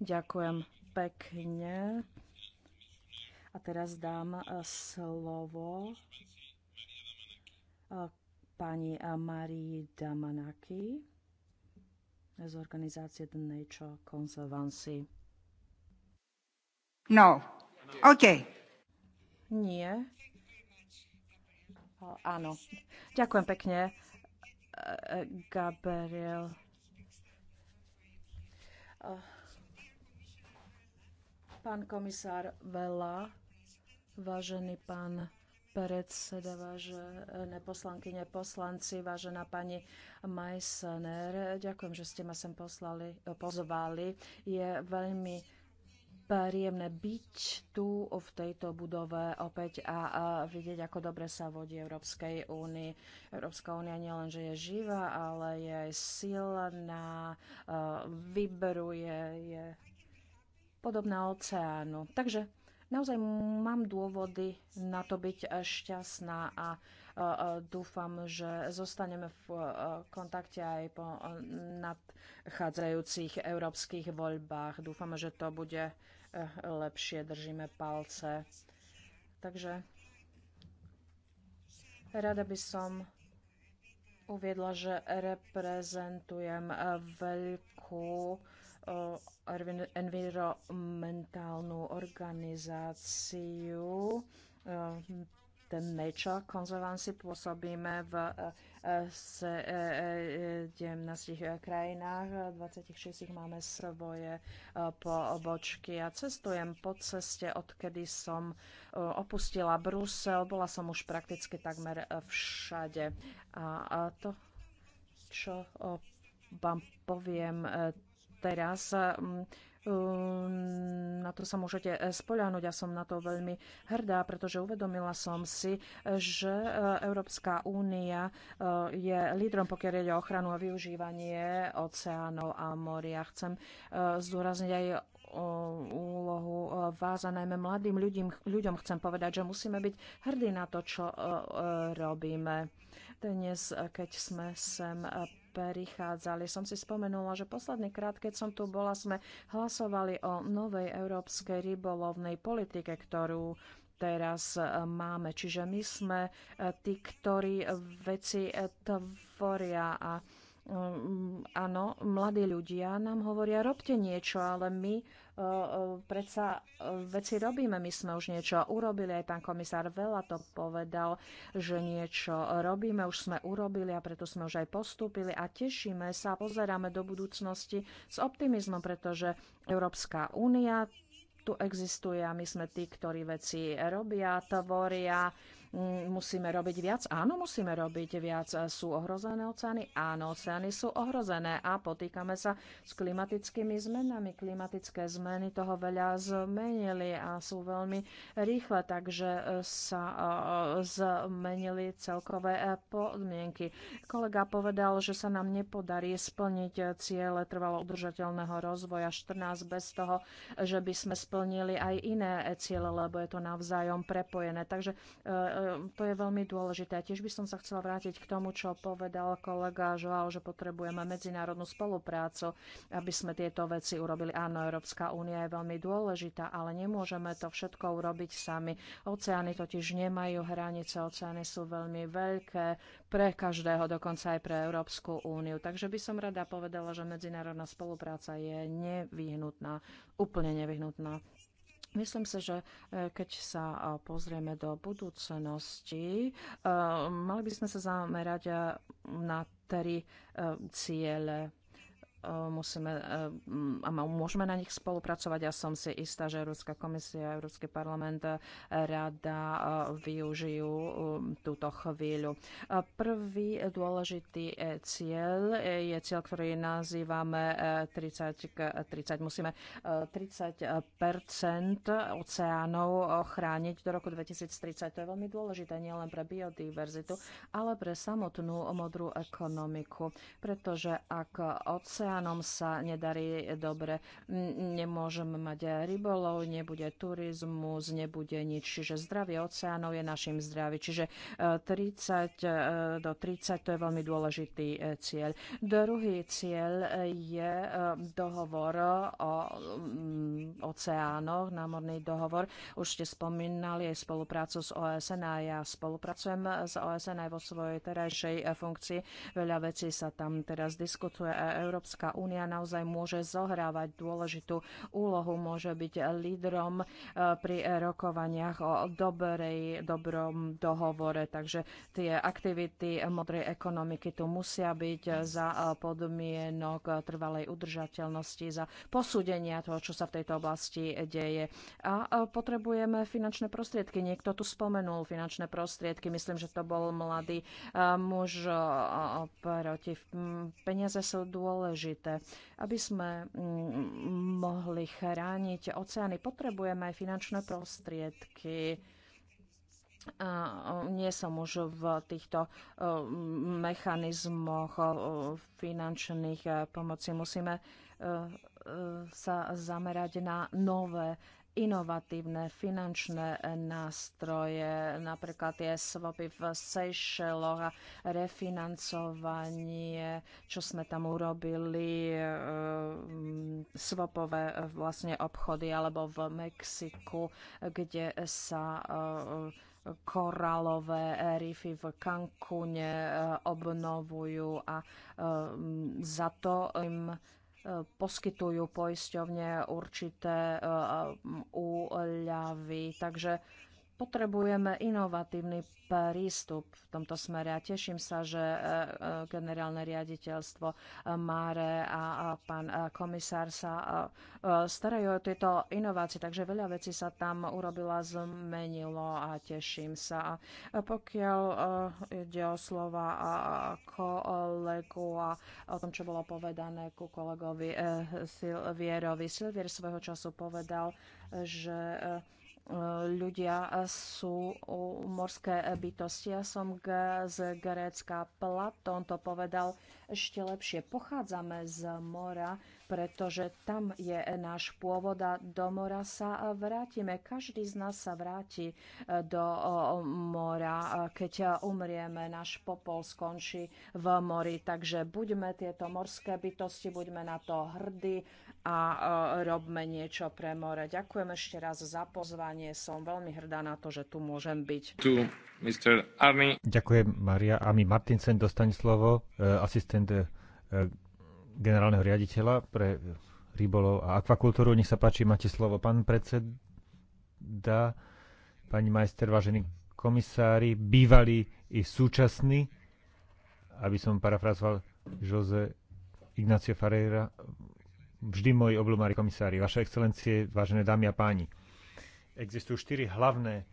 Ďakujem pekne. A teraz dám e, slovo e, pani e, Marii Damanaki z organizácie The Nature Conservancy. No. OK. Nie. O, áno. Ďakujem pekne, Gabriel. Pán komisár Vela Vážený pán predseda, vážené poslankyne, poslanci, vážená pani Majsner, ďakujem, že ste ma sem poslali, pozvali. Je veľmi príjemné byť tu v tejto budove opäť a, a vidieť, ako dobre sa vodí Európskej únii. Európska únia nielen, že je živá, ale je aj silná, e, vyberuje, je podobná oceánu. Takže Naozaj mám dôvody na to byť eh, šťastná a eh, eh, dúfam, že zostaneme v kontakte aj po nadchádzajúcich európskych voľbách. Dúfam, že to bude lepšie. Držíme palce. Takže rada by som uviedla, že reprezentujem veľkú Eh, environmentálnu organizáciu eh, ten Nature Conservancy pôsobíme v 17 eh, krajinách, v 26 máme svoje pobočky a cestujem po ceste, odkedy som opustila Brusel, bola som už prakticky takmer všade. A to, čo vám poviem teraz. Mm, mm, na to sa môžete e, spoľahnúť a som na to veľmi hrdá, pretože uvedomila som si, že e, Európska únia e, je lídrom, pokiaľ ide o ochranu a využívanie oceánov a moria. Chcem zdôrazniť aj úlohu vás a najmä mladým ľuďom chcem povedať, že musíme byť hrdí na to, čo robíme. Dnes, keď sme sem prichádzali. Som si spomenula, že posledný krát, keď som tu bola, sme hlasovali o novej európskej rybolovnej politike, ktorú teraz e, máme. Čiže my sme e, tí, ktorí veci e, tvoria a mm, áno, mladí ľudia nám hovoria, robte niečo, ale my Eh, eh, predsa eh, veci robíme. My sme už niečo urobili, aj pán komisár veľa to povedal, že niečo robíme, už sme urobili a preto sme už aj postúpili a tešíme sa, pozeráme do budúcnosti s optimizmom, pretože Európska únia tu existuje a my sme tí, ktorí veci robia, tvoria Musíme robiť viac? Áno, musíme robiť viac. Sú ohrozené oceány? Áno, oceány sú ohrozené a potýkame sa s klimatickými zmenami. Klimatické zmeny toho veľa zmenili a sú veľmi rýchle, takže sa e, zmenili celkové e, podmienky. Kolega povedal, že sa nám nepodarí splniť e, ciele trvalo udržateľného rozvoja 14 bez toho, že by sme splnili aj iné ciele, lebo je to navzájom prepojené. Takže to je veľmi dôležité. Tiež by som sa chcela vrátiť k tomu, čo povedal kolega Joao, že potrebujeme medzinárodnú spoluprácu, aby sme tieto veci urobili. Áno, Európska únia je veľmi dôležitá, ale nemôžeme to všetko urobiť sami. Oceány totiž nemajú hranice, oceány sú veľmi veľké pre každého, dokonca aj pre Európsku úniu. Takže by som rada povedala, že medzinárodná spolupráca je nevyhnutná, úplne nevyhnutná. Myslím si, že e, keď sa e, pozrieme do budúcnosti, e, mali by sme sa zamerať na tri ciele musíme eh, a môžeme na nich spolupracovať. Ja som si istá, že Európska komisia, Európsky parlament eh, rada eh, využijú túto chvíľu. Prvý dôležitý cieľ je cieľ, ktorý nazývame 30 k 30. Musíme 30 oceánov chrániť do roku 2030. To je veľmi dôležité nielen pre biodiverzitu, ale pre samotnú modrú ekonomiku, pretože ak oceán Ránom sa nedarí dobre. Nemôžeme mať rybolov, nebude turizmus, nebude nič. Čiže zdravie oceánov je našim zdraví. Čiže 30 e, e, do 30 to je veľmi dôležitý e, cieľ. Druhý cieľ je dohovor o mm, oceánoch, námorný dohovor. Už ste spomínali aj spoluprácu s OSN a ja spolupracujem s OSN aj vo svojej terajšej funkcii. Veľa vecí sa tam teraz diskutuje. Európska Európska únia naozaj môže zohrávať dôležitú úlohu, môže byť lídrom eh, pri rokovaniach o dobrej, dobrom dohovore. Takže tie aktivity modrej ekonomiky tu musia byť za eh, podmienok trvalej udržateľnosti, za posúdenia toho, čo sa v tejto oblasti deje. A eh, potrebujeme finančné prostriedky. Niekto tu spomenul finančné prostriedky. Myslím, že to bol mladý muž proti. Peniaze sú dôležité dôležité. Aby sme mm, mohli chrániť oceány, potrebujeme aj finančné prostriedky. A nie som už v týchto mechanizmoch finančných e, pomoci. Musíme e, e, sa zamerať na nové inovatívne finančné nástroje, napríklad tie svopy v Seychelloch a refinancovanie, čo sme tam urobili, eh, svopové eh, vlastne obchody alebo v Mexiku, kde sa eh, koralové rify v Cancúne obnovujú a za to im poskytujú poisťovne určité eh, eh, úľavy. Takže Potrebujeme inovatívny prístup v tomto smere a teším sa, že e, e, generálne riaditeľstvo e, Máre a pán komisár sa starajú o tieto inovácie, takže veľa vecí sa tam urobila, zmenilo a teším sa. A pokiaľ ide o slova kolegu a o tom, čo bolo povedané ku kolegovi Silvierovi, Silvier svojho času povedal, že ľudia sú morské bytosti. Ja som z Grécka. Platón to povedal ešte lepšie. Pochádzame z mora, pretože tam je náš pôvod a do mora sa vrátime. Každý z nás sa vráti e, do mora, e, keď umrieme, náš popol skončí v mori. Takže buďme tieto morské bytosti, buďme na to hrdí, a e, robme niečo pre more. Ďakujem ešte raz za pozvanie. Som veľmi hrdá na to, že tu môžem byť. Tu, Mr. Army. Ďakujem, Maria. Ami Martinsen dostane slovo, e, asistent e, generálneho riaditeľa pre rybolov a akvakultúru. Nech sa páči, máte slovo. Pán predseda, pani majster, vážení komisári, bývalí i súčasní, aby som parafrazoval Jose Ignacio Ferreira, vždy moji obľúbení komisári, vaše excelencie, vážené dámy a páni. Existujú štyri hlavné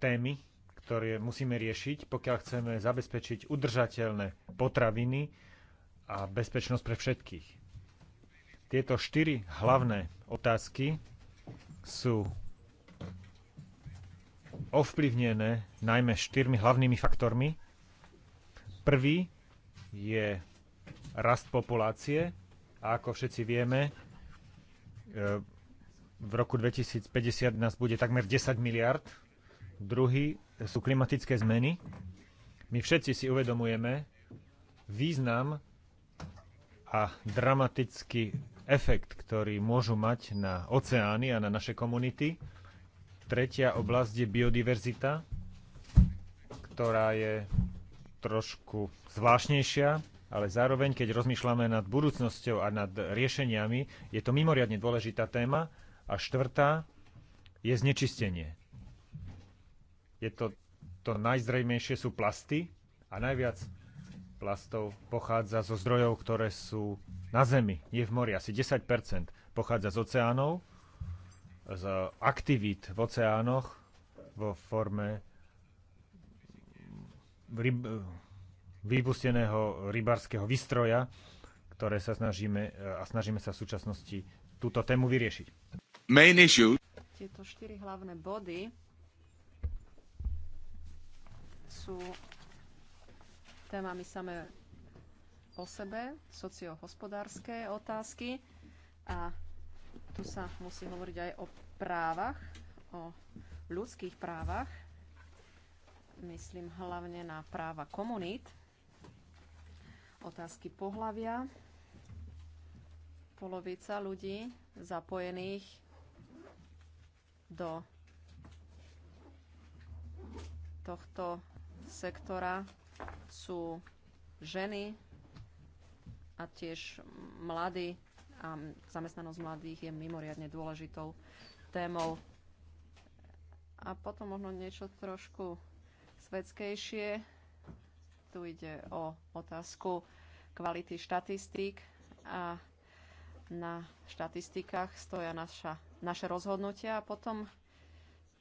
témy, ktoré musíme riešiť, pokiaľ chceme zabezpečiť udržateľné potraviny a bezpečnosť pre všetkých. Tieto štyri hlavné otázky sú ovplyvnené najmä štyrmi hlavnými faktormi. Prvý je rast populácie, a ako všetci vieme, e, v roku 2050 nás bude takmer 10 miliard. Druhý sú klimatické zmeny. My všetci si uvedomujeme význam a dramatický efekt, ktorý môžu mať na oceány a na naše komunity. Tretia oblasť je biodiverzita, ktorá je trošku zvláštnejšia ale zároveň, keď rozmýšľame nad budúcnosťou a nad riešeniami, je to mimoriadne dôležitá téma. A štvrtá je znečistenie. Je to, to najzrejmejšie sú plasty a najviac plastov pochádza zo zdrojov, ktoré sú na Zemi, nie v mori. Asi 10 pochádza z oceánov, z aktivít v oceánoch vo forme ryb, vypusteného rybárskeho výstroja, ktoré sa snažíme a snažíme sa v súčasnosti túto tému vyriešiť. Main issue. Tieto štyri hlavné body sú témami samé o sebe, sociohospodárske otázky a tu sa musí hovoriť aj o právach, o ľudských právach, myslím hlavne na práva komunít, otázky pohlavia. Polovica ľudí zapojených do tohto sektora sú ženy a tiež mladí a zamestnanosť mladých je mimoriadne dôležitou témou. A potom možno niečo trošku svedskejšie. Tu ide o otázku kvality štatistík a na štatistikách stoja naša, naše rozhodnutia. A potom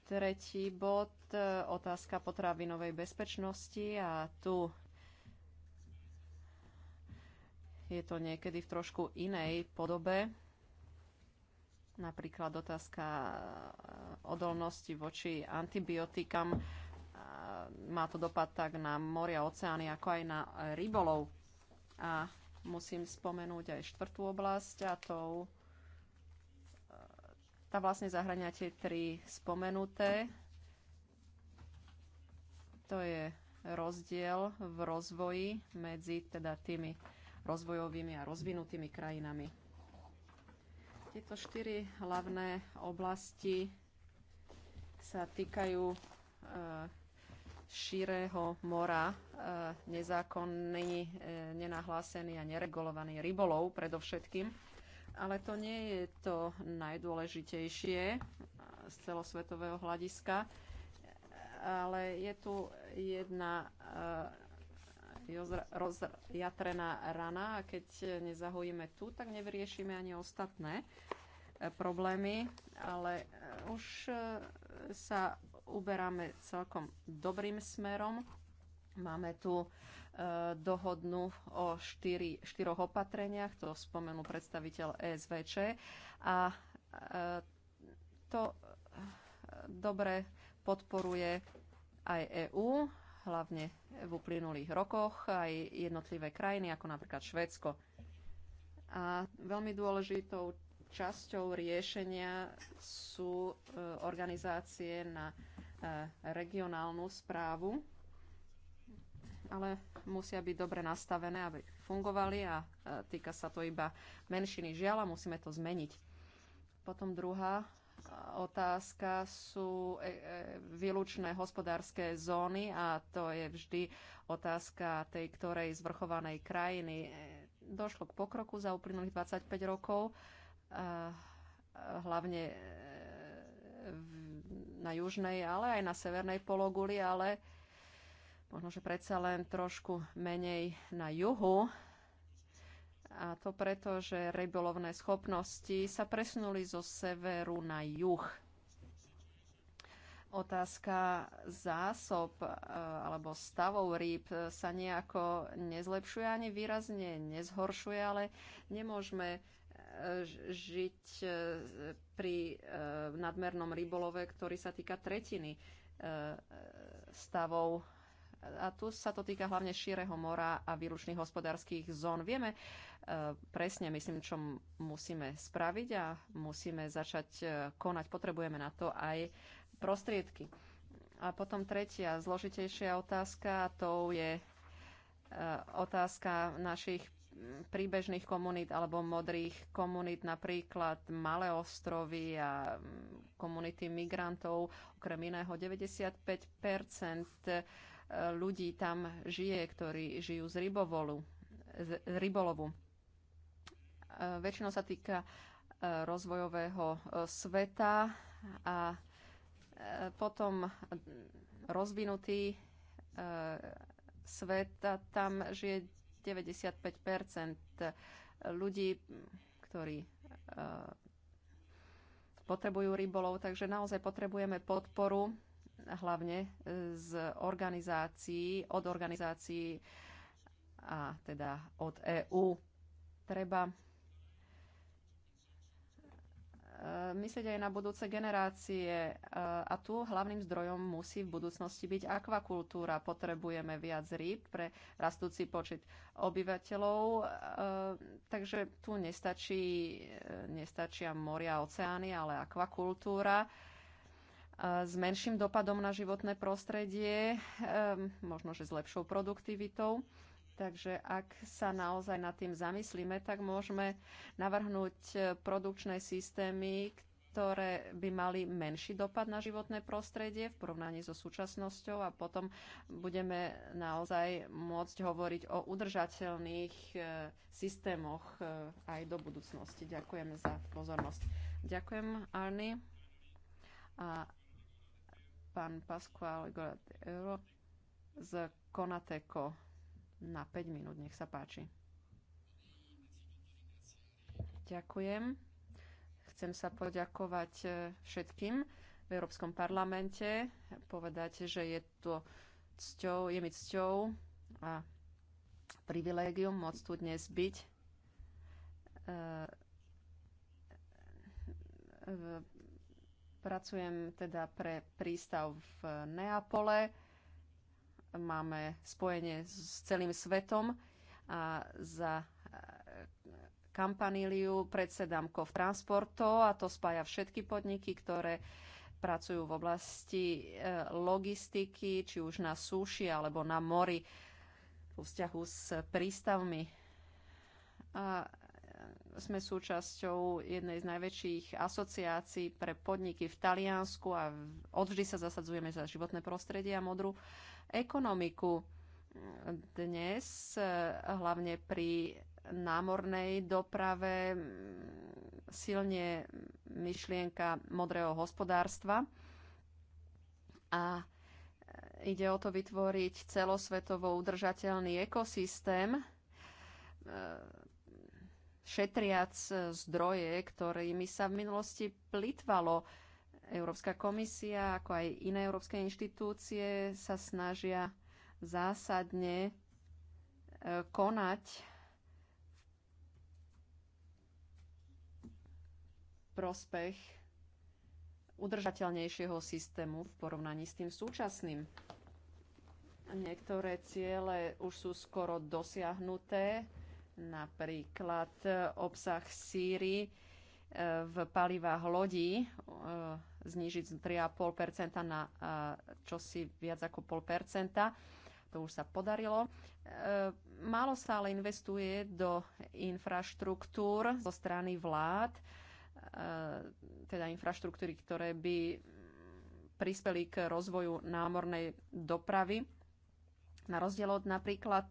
tretí bod, e, otázka potravinovej bezpečnosti a tu je to niekedy v trošku inej podobe. Napríklad otázka e, odolnosti voči antibiotikám. E, má to dopad tak na moria, oceány, ako aj na rybolov. A musím spomenúť aj štvrtú oblasť a to e, tá vlastne zahrania tie tri spomenuté. To je rozdiel v rozvoji medzi teda tými rozvojovými a rozvinutými krajinami. Tieto štyri hlavné oblasti sa týkajú e, širého mora e, nezákonný, e, nenahlásený a neregulovaný rybolov predovšetkým. Ale to nie je to najdôležitejšie z celosvetového hľadiska, ale je tu jedna e, rozjatrená rana a keď nezahojíme tu, tak nevyriešime ani ostatné problémy, ale už sa uberáme celkom dobrým smerom. Máme tu e, dohodnú o štyri, štyroch opatreniach, to spomenul predstaviteľ ESVČ a e, to e, dobre podporuje aj EÚ, hlavne v uplynulých rokoch, aj jednotlivé krajiny, ako napríklad Švédsko. A veľmi dôležitou časťou riešenia sú e, organizácie na E, regionálnu správu, ale musia byť dobre nastavené, aby fungovali a e, týka sa to iba menšiny žiaľ a musíme to zmeniť. Potom druhá e, otázka sú výlučné hospodárske zóny a to je vždy otázka tej ktorej zvrchovanej krajiny. Došlo k pokroku za uplynulých 25 rokov, hlavne v na južnej, ale aj na severnej pologuli, ale možno, že predsa len trošku menej na juhu. A to preto, že rybolovné schopnosti sa presunuli zo severu na juh. Otázka zásob e, alebo stavov rýb sa nejako nezlepšuje ani výrazne nezhoršuje, ale nemôžeme Eh, žiť eh, pri eh, nadmernom rybolove, ktorý sa týka tretiny stavov. A tu sa to týka hlavne šíreho mora a výlučných hospodárskych zón. Vieme presne, myslím, čo musíme spraviť a musíme začať konať. Potrebujeme na to aj prostriedky. A potom tretia, zložitejšia otázka, a to je otázka našich príbežných komunít alebo modrých komunít, napríklad malé ostrovy a mm, komunity migrantov. Okrem iného 95 e, ľudí tam žije, ktorí žijú z, rybovolu, z rybolovu. E, väčšinou sa týka e, rozvojového sveta a potom rozvinutý sveta tam žije 95 ľudí, ktorí eh, potrebujú rybolov, takže naozaj potrebujeme podporu hlavne eh, z organizácií, od organizácií a teda od EÚ. Treba Eh, myslieť aj na budúce generácie. Eh, a tu hlavným zdrojom musí v budúcnosti byť akvakultúra. Potrebujeme viac rýb pre rastúci počet obyvateľov. Eh, takže tu nestačí, nestačia moria, oceány, ale akvakultúra s menším dopadom na životné prostredie, možno že s lepšou produktivitou. Takže ak sa naozaj nad tým zamyslíme, tak môžeme navrhnúť e, produkčné systémy, ktoré by mali menší dopad na životné prostredie v porovnaní so súčasnosťou a potom budeme naozaj môcť hovoriť o udržateľných e, systémoch e, aj do budúcnosti. Ďakujem za pozornosť. Ďakujem, Arny. A pán Pasquale Euro z Konateko na 5 minút. Nech sa páči. Ďakujem. Chcem sa poďakovať e, všetkým v Európskom parlamente. Povedať, že je to cťou, je mi cťou a privilégium môcť tu dnes byť. E, e, pracujem teda pre prístav v Neapole máme spojenie s celým svetom a za e, kampaníliu predsedám KOV Transporto a to spája všetky podniky, ktoré pracujú v oblasti e, logistiky, či už na súši alebo na mori vo vzťahu s prístavmi. A e, sme súčasťou jednej z najväčších asociácií pre podniky v Taliansku a odvždy sa zasadzujeme za životné prostredie a modrú ekonomiku. Dnes, eh, hlavne pri námornej doprave, mm, silne myšlienka modrého hospodárstva. A eh, ide o to vytvoriť celosvetovo udržateľný ekosystém, eh, šetriac zdroje, ktorými sa v minulosti plitvalo Európska komisia, ako aj iné európske inštitúcie sa snažia zásadne e, konať prospech udržateľnejšieho systému v porovnaní s tým súčasným. Niektoré ciele už sú skoro dosiahnuté, napríklad obsah Sýrii v palivách lodí e, znížiť z 3,5% na e, čosi viac ako 0,5%. To už sa podarilo. E, málo sa ale investuje do infraštruktúr zo strany vlád, teda infraštruktúry, ktoré by prispeli k rozvoju námornej dopravy. Na rozdiel od napríklad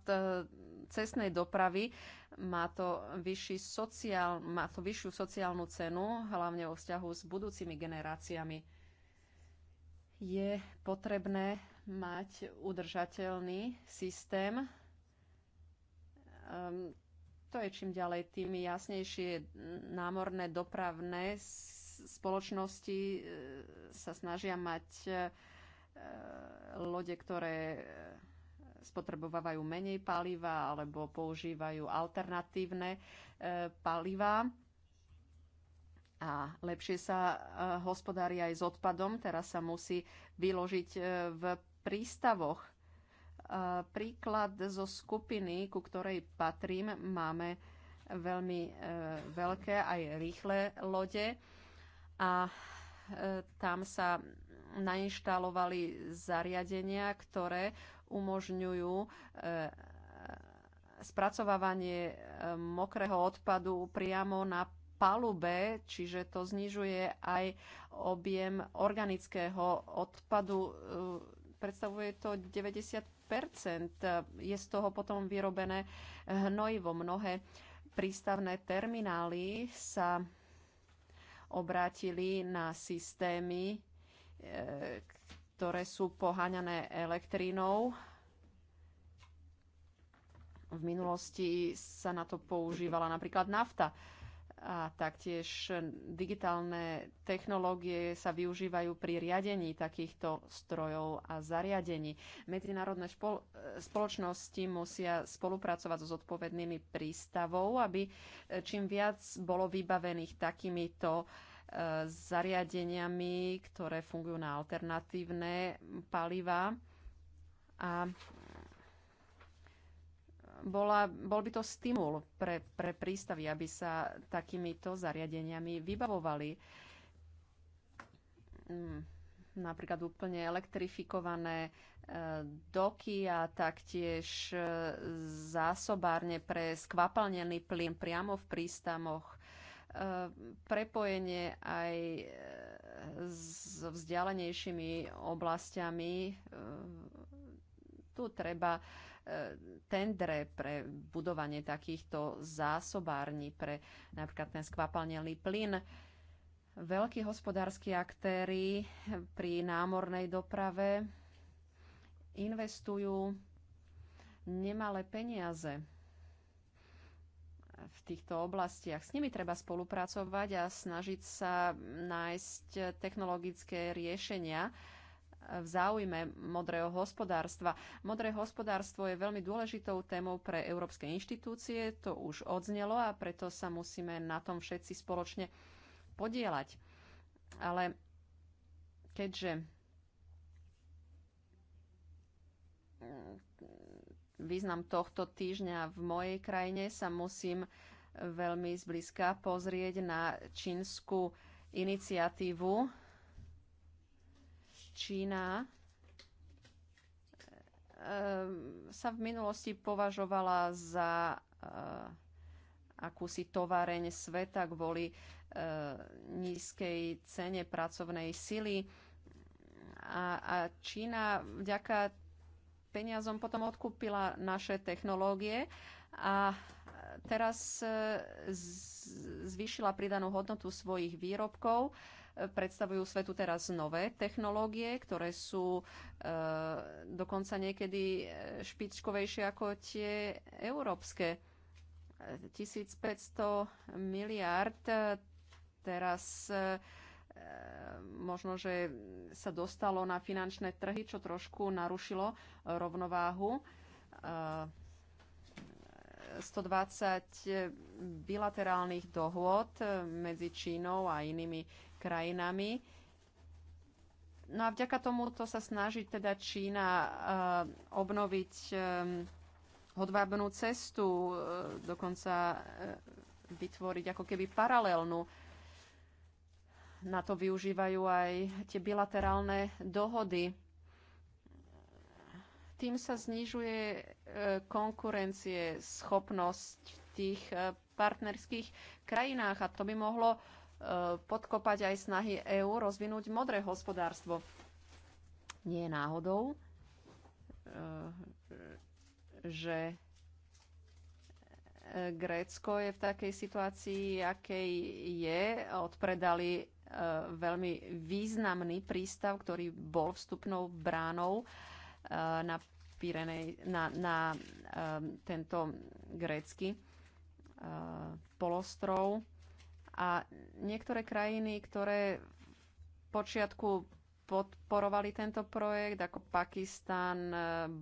cestnej dopravy. Má to, vyšší sociál, má to vyššiu sociálnu cenu, hlavne vo vzťahu s budúcimi generáciami. Je potrebné mať udržateľný systém. Um, to je čím ďalej, tým jasnejšie námorné dopravné spoločnosti e, sa snažia mať e, e, lode, ktoré spotrebovávajú menej paliva alebo používajú alternatívne e, paliva a lepšie sa e, hospodári aj s odpadom. Teraz sa musí vyložiť e, v prístavoch. Príklad zo skupiny, ku ktorej patrím, máme veľmi veľké aj rýchle lode a tam sa nainštalovali zariadenia, ktoré umožňujú e, spracovávanie e, mokrého odpadu priamo na palube, čiže to znižuje aj objem organického odpadu. E, predstavuje to 90 Je z toho potom vyrobené hnojivo. Mnohé prístavné terminály sa obrátili na systémy, ktoré sú poháňané elektrínou. V minulosti sa na to používala napríklad nafta. A taktiež digitálne technológie sa využívajú pri riadení takýchto strojov a zariadení. Medzinárodné spoločnosti musia spolupracovať so zodpovednými prístavou, aby čím viac bolo vybavených takýmito uh, zariadeniami, ktoré fungujú na alternatívne paliva. A bola, bol by to stimul pre, pre prístavy, aby sa takýmito zariadeniami vybavovali. Mm, napríklad úplne elektrifikované e, doky a taktiež e, zásobárne pre skvapalnený plyn priamo v prístamoch prepojenie aj e, s vzdialenejšími oblastiami. E, tu treba e, tendre pre budovanie takýchto zásobární pre napríklad ten skvapalnený plyn. Veľkí hospodárski aktéry pri námornej doprave investujú nemalé peniaze v týchto oblastiach. S nimi treba spolupracovať a snažiť sa nájsť technologické riešenia v záujme modrého hospodárstva. Modré hospodárstvo je veľmi dôležitou témou pre európske inštitúcie, to už odznelo a preto sa musíme na tom všetci spoločne podielať. Ale keďže význam tohto týždňa v mojej krajine, sa musím veľmi zblízka pozrieť na čínsku iniciatívu. Čína eh, sa v minulosti považovala za eh, akúsi továreň sveta kvôli eh, nízkej cene pracovnej sily. A, Čína vďaka peniazom potom odkúpila naše technológie a teraz e, zvýšila pridanú hodnotu svojich výrobkov. E, predstavujú svetu teraz nové technológie, ktoré sú e, dokonca niekedy špičkovejšie ako tie európske. 1500 miliard teraz možno, že sa dostalo na finančné trhy, čo trošku narušilo rovnováhu. 120 bilaterálnych dohôd medzi Čínou a inými krajinami. No a vďaka tomuto sa snaží teda Čína e, obnoviť e, hodvábnú cestu, e, dokonca vytvoriť ako keby paralelnú na to využívajú aj tie bilaterálne dohody. Tým sa znižuje e, konkurencie, schopnosť v tých e, partnerských krajinách a to by mohlo e, podkopať aj snahy EÚ rozvinúť modré hospodárstvo. Nie je náhodou, že Grécko je v takej situácii, akej je. Odpredali E, veľmi významný prístav, ktorý bol vstupnou bránou e, na, Pirenej, na, na e, tento grécky polostrov. A niektoré krajiny, ktoré v počiatku podporovali tento projekt, ako Pakistan,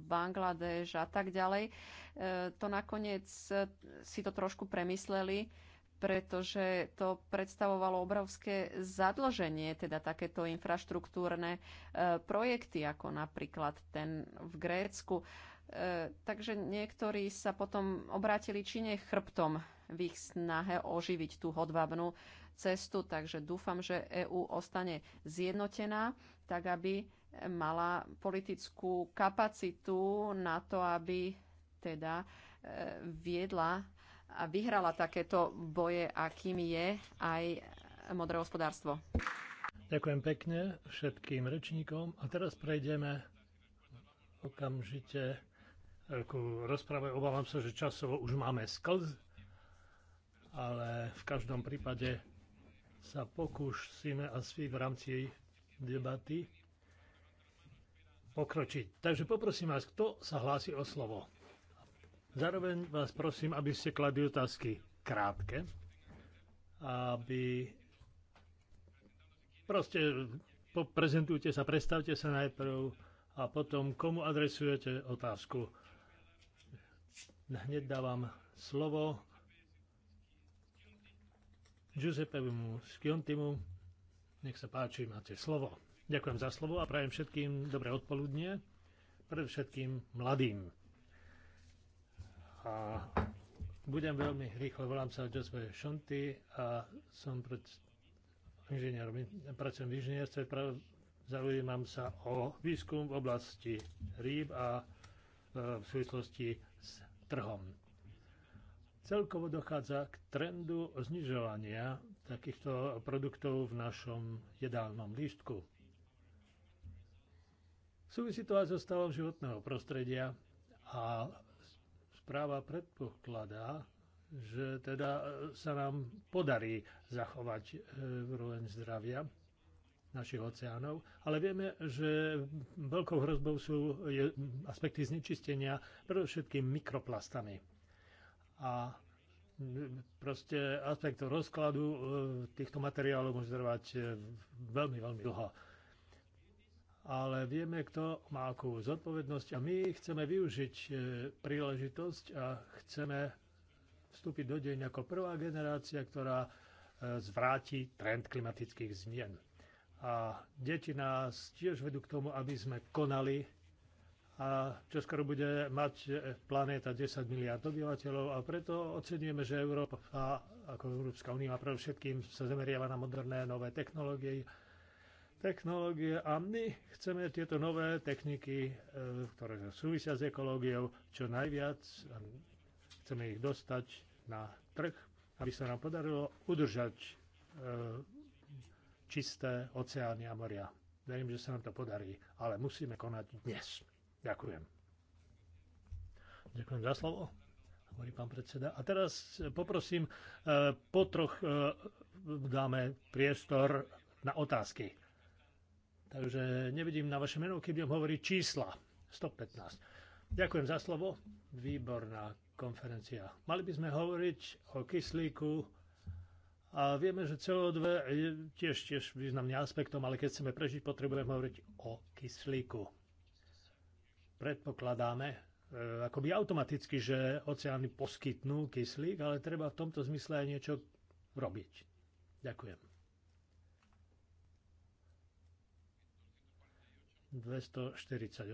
Bangladeš a tak ďalej, to nakoniec si to trošku premysleli pretože to predstavovalo obrovské zadlženie, teda takéto infraštruktúrne e, projekty, ako napríklad ten v Grécku. E, takže niektorí sa potom obrátili Číne chrbtom v ich snahe oživiť tú hodvabnú cestu, takže dúfam, že EÚ ostane zjednotená, tak aby mala politickú kapacitu na to, aby teda e, viedla vyhrala takéto boje akým je aj modré hospodárstvo. Ďakujem pekne všetkým rečníkom a teraz prejdeme okamžite eh, ku rozprave. Obávam sa, že časovo už máme sklz, ale v každom prípade sa pokúsime asi v rámci debaty pokročiť. Takže poprosím vás, kto sa hlási o slovo? Zároveň vás prosím, aby ste kladli otázky krátke, aby proste prezentujte sa, predstavte sa najprv a potom komu adresujete otázku. Hneď dávam slovo Giuseppemu Skiontimu. Nech sa páči, máte slovo. Ďakujem za slovo a prajem všetkým dobré odpoludnie, predovšetkým mladým. A budem veľmi rýchlo, volám sa Joseph Šonty a som pred inžinier, pracujem v inžinierstve, zaujímam sa o výskum v oblasti rýb a e, v súvislosti s trhom. Celkovo dochádza k trendu znižovania takýchto produktov v našom jedálnom lístku. Súvisí to aj so stavom životného prostredia a správa predpokladá, že teda e, sa nám podarí zachovať e, úroveň zdravia našich oceánov, ale vieme, že veľkou hrozbou sú aspekty znečistenia, predovšetkým mikroplastami. A proste aspekt rozkladu e, týchto materiálov môže trvať veľmi, veľmi dlho ale vieme, kto má akú zodpovednosť a my chceme využiť e, príležitosť a chceme vstúpiť do deň ako prvá generácia, ktorá e, zvráti trend klimatických zmien. A deti nás tiež vedú k tomu, aby sme konali a skoro bude mať e, planéta 10 miliard obyvateľov a preto ocenujeme, že Európa ako Európska únia predovšetkým sa zameriava na moderné nové technológie technológie a my chceme tieto nové techniky, e, ktoré súvisia s ekológiou, čo najviac chceme ich dostať na trh, aby sa nám podarilo udržať e, čisté oceány a moria. Verím, že sa nám to podarí, ale musíme konať dnes. Ďakujem. Ďakujem za slovo, hovorí pán predseda. A teraz poprosím, e, po troch dáme priestor na otázky. Takže nevidím na vaše meno, keď budem hovoriť čísla. 115. Ďakujem za slovo. Výborná konferencia. Mali by sme hovoriť o kyslíku a vieme, že CO2 je tiež, tiež významným aspektom, ale keď chceme prežiť, potrebujeme hovoriť o kyslíku. Predpokladáme, e, akoby automaticky, že oceány poskytnú kyslík, ale treba v tomto zmysle aj niečo robiť. Ďakujem. 248,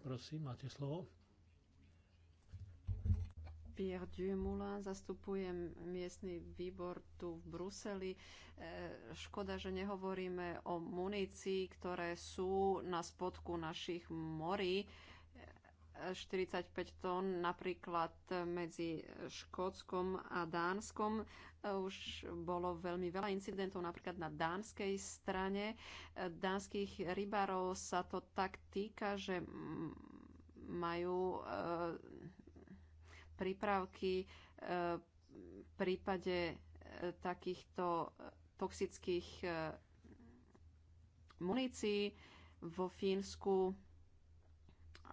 prosím, máte slovo. Pierre Dumoulin, zastupujem miestny výbor tu v Bruseli. E, škoda, že nehovoríme o munícii, ktoré sú na spodku našich morí. 45 tón napríklad medzi Škótskom a Dánskom. Už bolo veľmi veľa incidentov napríklad na dánskej strane. Dánskych rybárov sa to tak týka, že majú e, prípravky e, v prípade e, takýchto toxických munícií vo Fínsku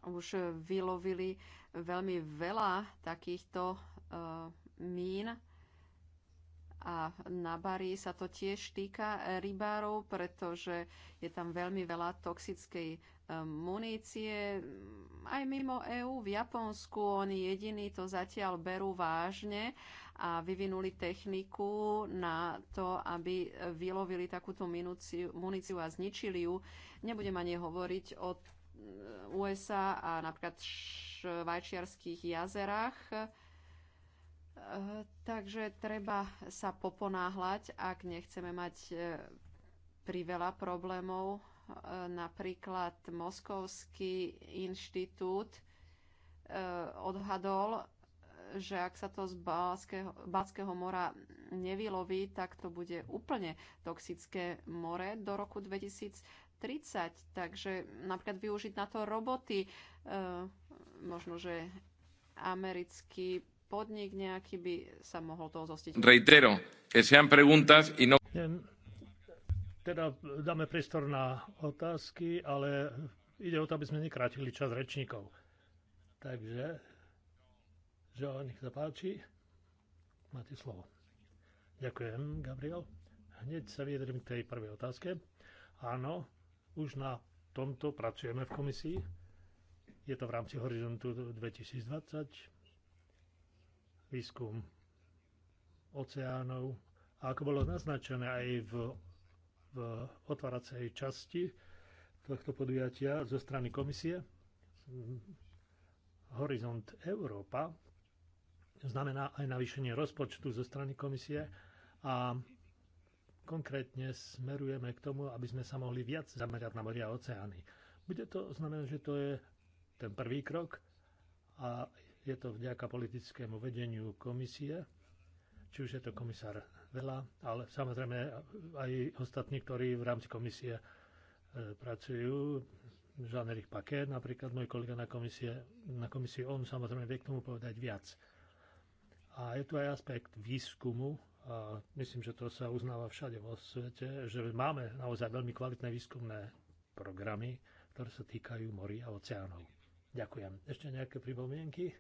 už vylovili veľmi veľa takýchto uh, mín. A na bari sa to tiež týka rybárov, pretože je tam veľmi veľa toxickej e, munície. Aj mimo EÚ, v Japonsku, oni jediní to zatiaľ berú vážne a vyvinuli techniku na to, aby vylovili takúto muníciu a zničili ju. Nebudem ani hovoriť o USA a napríklad švajčiarských jazerách. E, takže treba sa poponáhľať, ak nechceme mať e, priveľa problémov. E, napríklad Moskovský inštitút odhadol, že ak sa to z Balského, Balského mora nevyloví, tak to bude úplne toxické more do roku 2000 30. takže napríklad využiť na to roboty, e, možno, že americký podnik nejaký by sa mohol toho zostiť. Reitero, que sean preguntas y no... Teda dáme priestor na otázky, ale ide o to, aby sme nekrátili čas rečníkov. Takže, že nech sa páči, máte slovo. Ďakujem, Gabriel. Hneď sa vyjadrím k tej prvej otázke. Áno, už na tomto pracujeme v komisii. Je to v rámci Horizontu 2020, výskum oceánov. A ako bolo naznačené aj v, v otváracej časti tohto podujatia zo strany komisie, Horizont Európa znamená aj navýšenie rozpočtu zo strany komisie a konkrétne smerujeme k tomu, aby sme sa mohli viac zamerať na moria a oceány. Bude to znamená, že to je ten prvý krok a je to vďaka politickému vedeniu komisie, či už je to komisár Vela, ale samozrejme aj ostatní, ktorí v rámci komisie e, pracujú, Jean-Éric Paquet, napríklad môj kolega na, komisie, na komisii, on samozrejme vie k tomu povedať viac. A je tu aj aspekt výskumu a myslím, že to sa uznáva všade vo svete, že máme naozaj veľmi kvalitné výskumné programy, ktoré sa týkajú morí a oceánov. Ďakujem. Ešte nejaké pripomienky?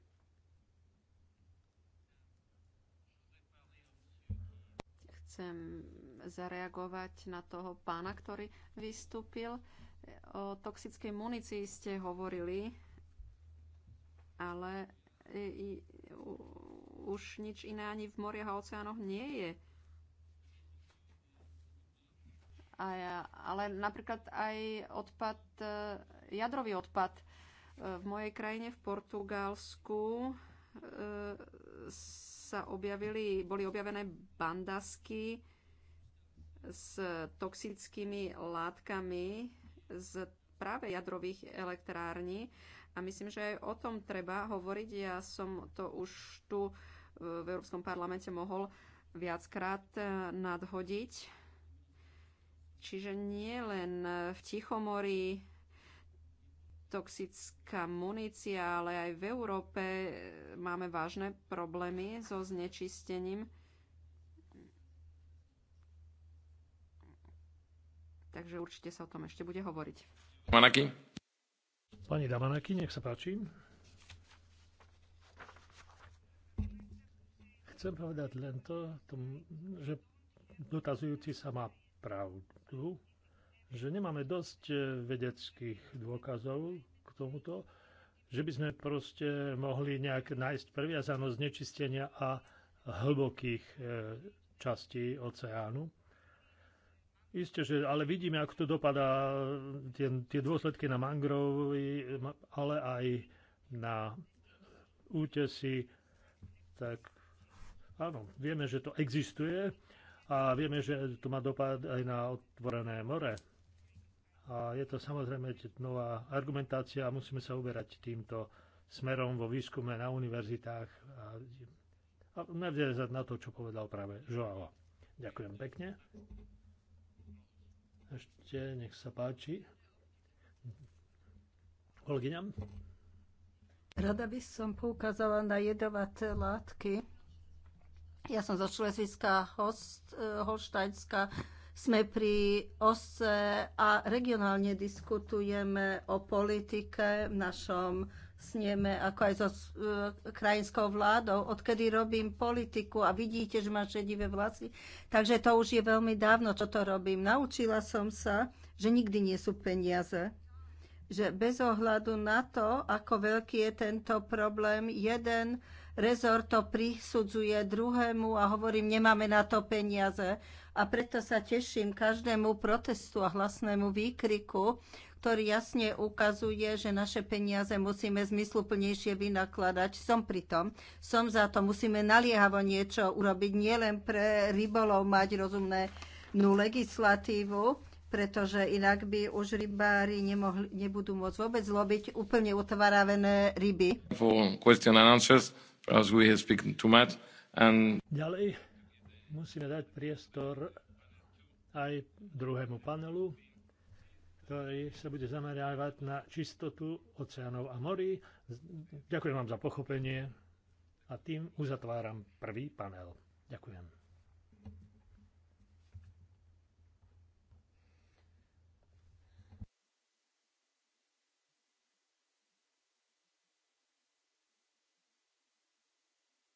Chcem zareagovať na toho pána, ktorý vystúpil. O toxickej munícii ste hovorili, ale už nič iné ani v moriach a oceánoch nie je. A, ale napríklad aj odpad, e, jadrový odpad e, v mojej krajine, v Portugalsku, e, sa objavili, boli objavené bandasky s toxickými látkami z práve jadrových elektrární. A myslím, že aj o tom treba hovoriť. Ja som to už tu v Európskom parlamente mohol viackrát eh, nadhodiť. Čiže nie len eh, v Tichomorí toxická munícia, ale aj v Európe eh, máme vážne problémy so znečistením. Takže určite sa o tom ešte bude hovoriť. Manaki. Pani Damanaki, nech sa páči. Chcem povedať len to, tom, že dotazujúci sa má pravdu, že nemáme dosť e, vedeckých dôkazov k tomuto, že by sme proste mohli nejak nájsť previazanosť znečistenia a hlbokých e, častí oceánu. Isté, že, ale vidíme, ako to dopadá, e, tie, tie dôsledky na mangrovy, ale aj na útesy, tak Áno, vieme, že to existuje a vieme, že to má dopad aj na otvorené more. A je to samozrejme nová argumentácia a musíme sa uberať týmto smerom vo výskume na univerzitách a, a nadviazať na to, čo povedal práve Joao. Ďakujem pekne. Ešte nech sa páči. Kolegyňam. Rada by som poukázala na jedovaté látky, ja som zo host, e, Holštajnská. Sme pri OSCE a regionálne diskutujeme o politike v našom sneme, ako aj so e, krajinskou vládou, odkedy robím politiku a vidíte, že mám šedivé vlasy. Takže to už je veľmi dávno, čo to robím. Naučila som sa, že nikdy nie sú peniaze. Že bez ohľadu na to, ako veľký je tento problém, jeden rezort to prisudzuje druhému a hovorím, nemáme na to peniaze. A preto sa teším každému protestu a hlasnému výkriku, ktorý jasne ukazuje, že naše peniaze musíme zmysluplnejšie vynakladať. Som pri tom, som za to, musíme naliehavo niečo urobiť, nielen pre rybolov mať rozumné nú legislatívu, pretože inak by už rybári nemohli, nebudú môcť vôbec lobiť úplne utvaravené ryby. For question and answers we have spoken too much. And... Ďalej musíme dať priestor aj druhému panelu, ktorý sa bude zameriavať na čistotu oceánov a morí. Ďakujem vám za pochopenie a tým uzatváram prvý panel. Ďakujem.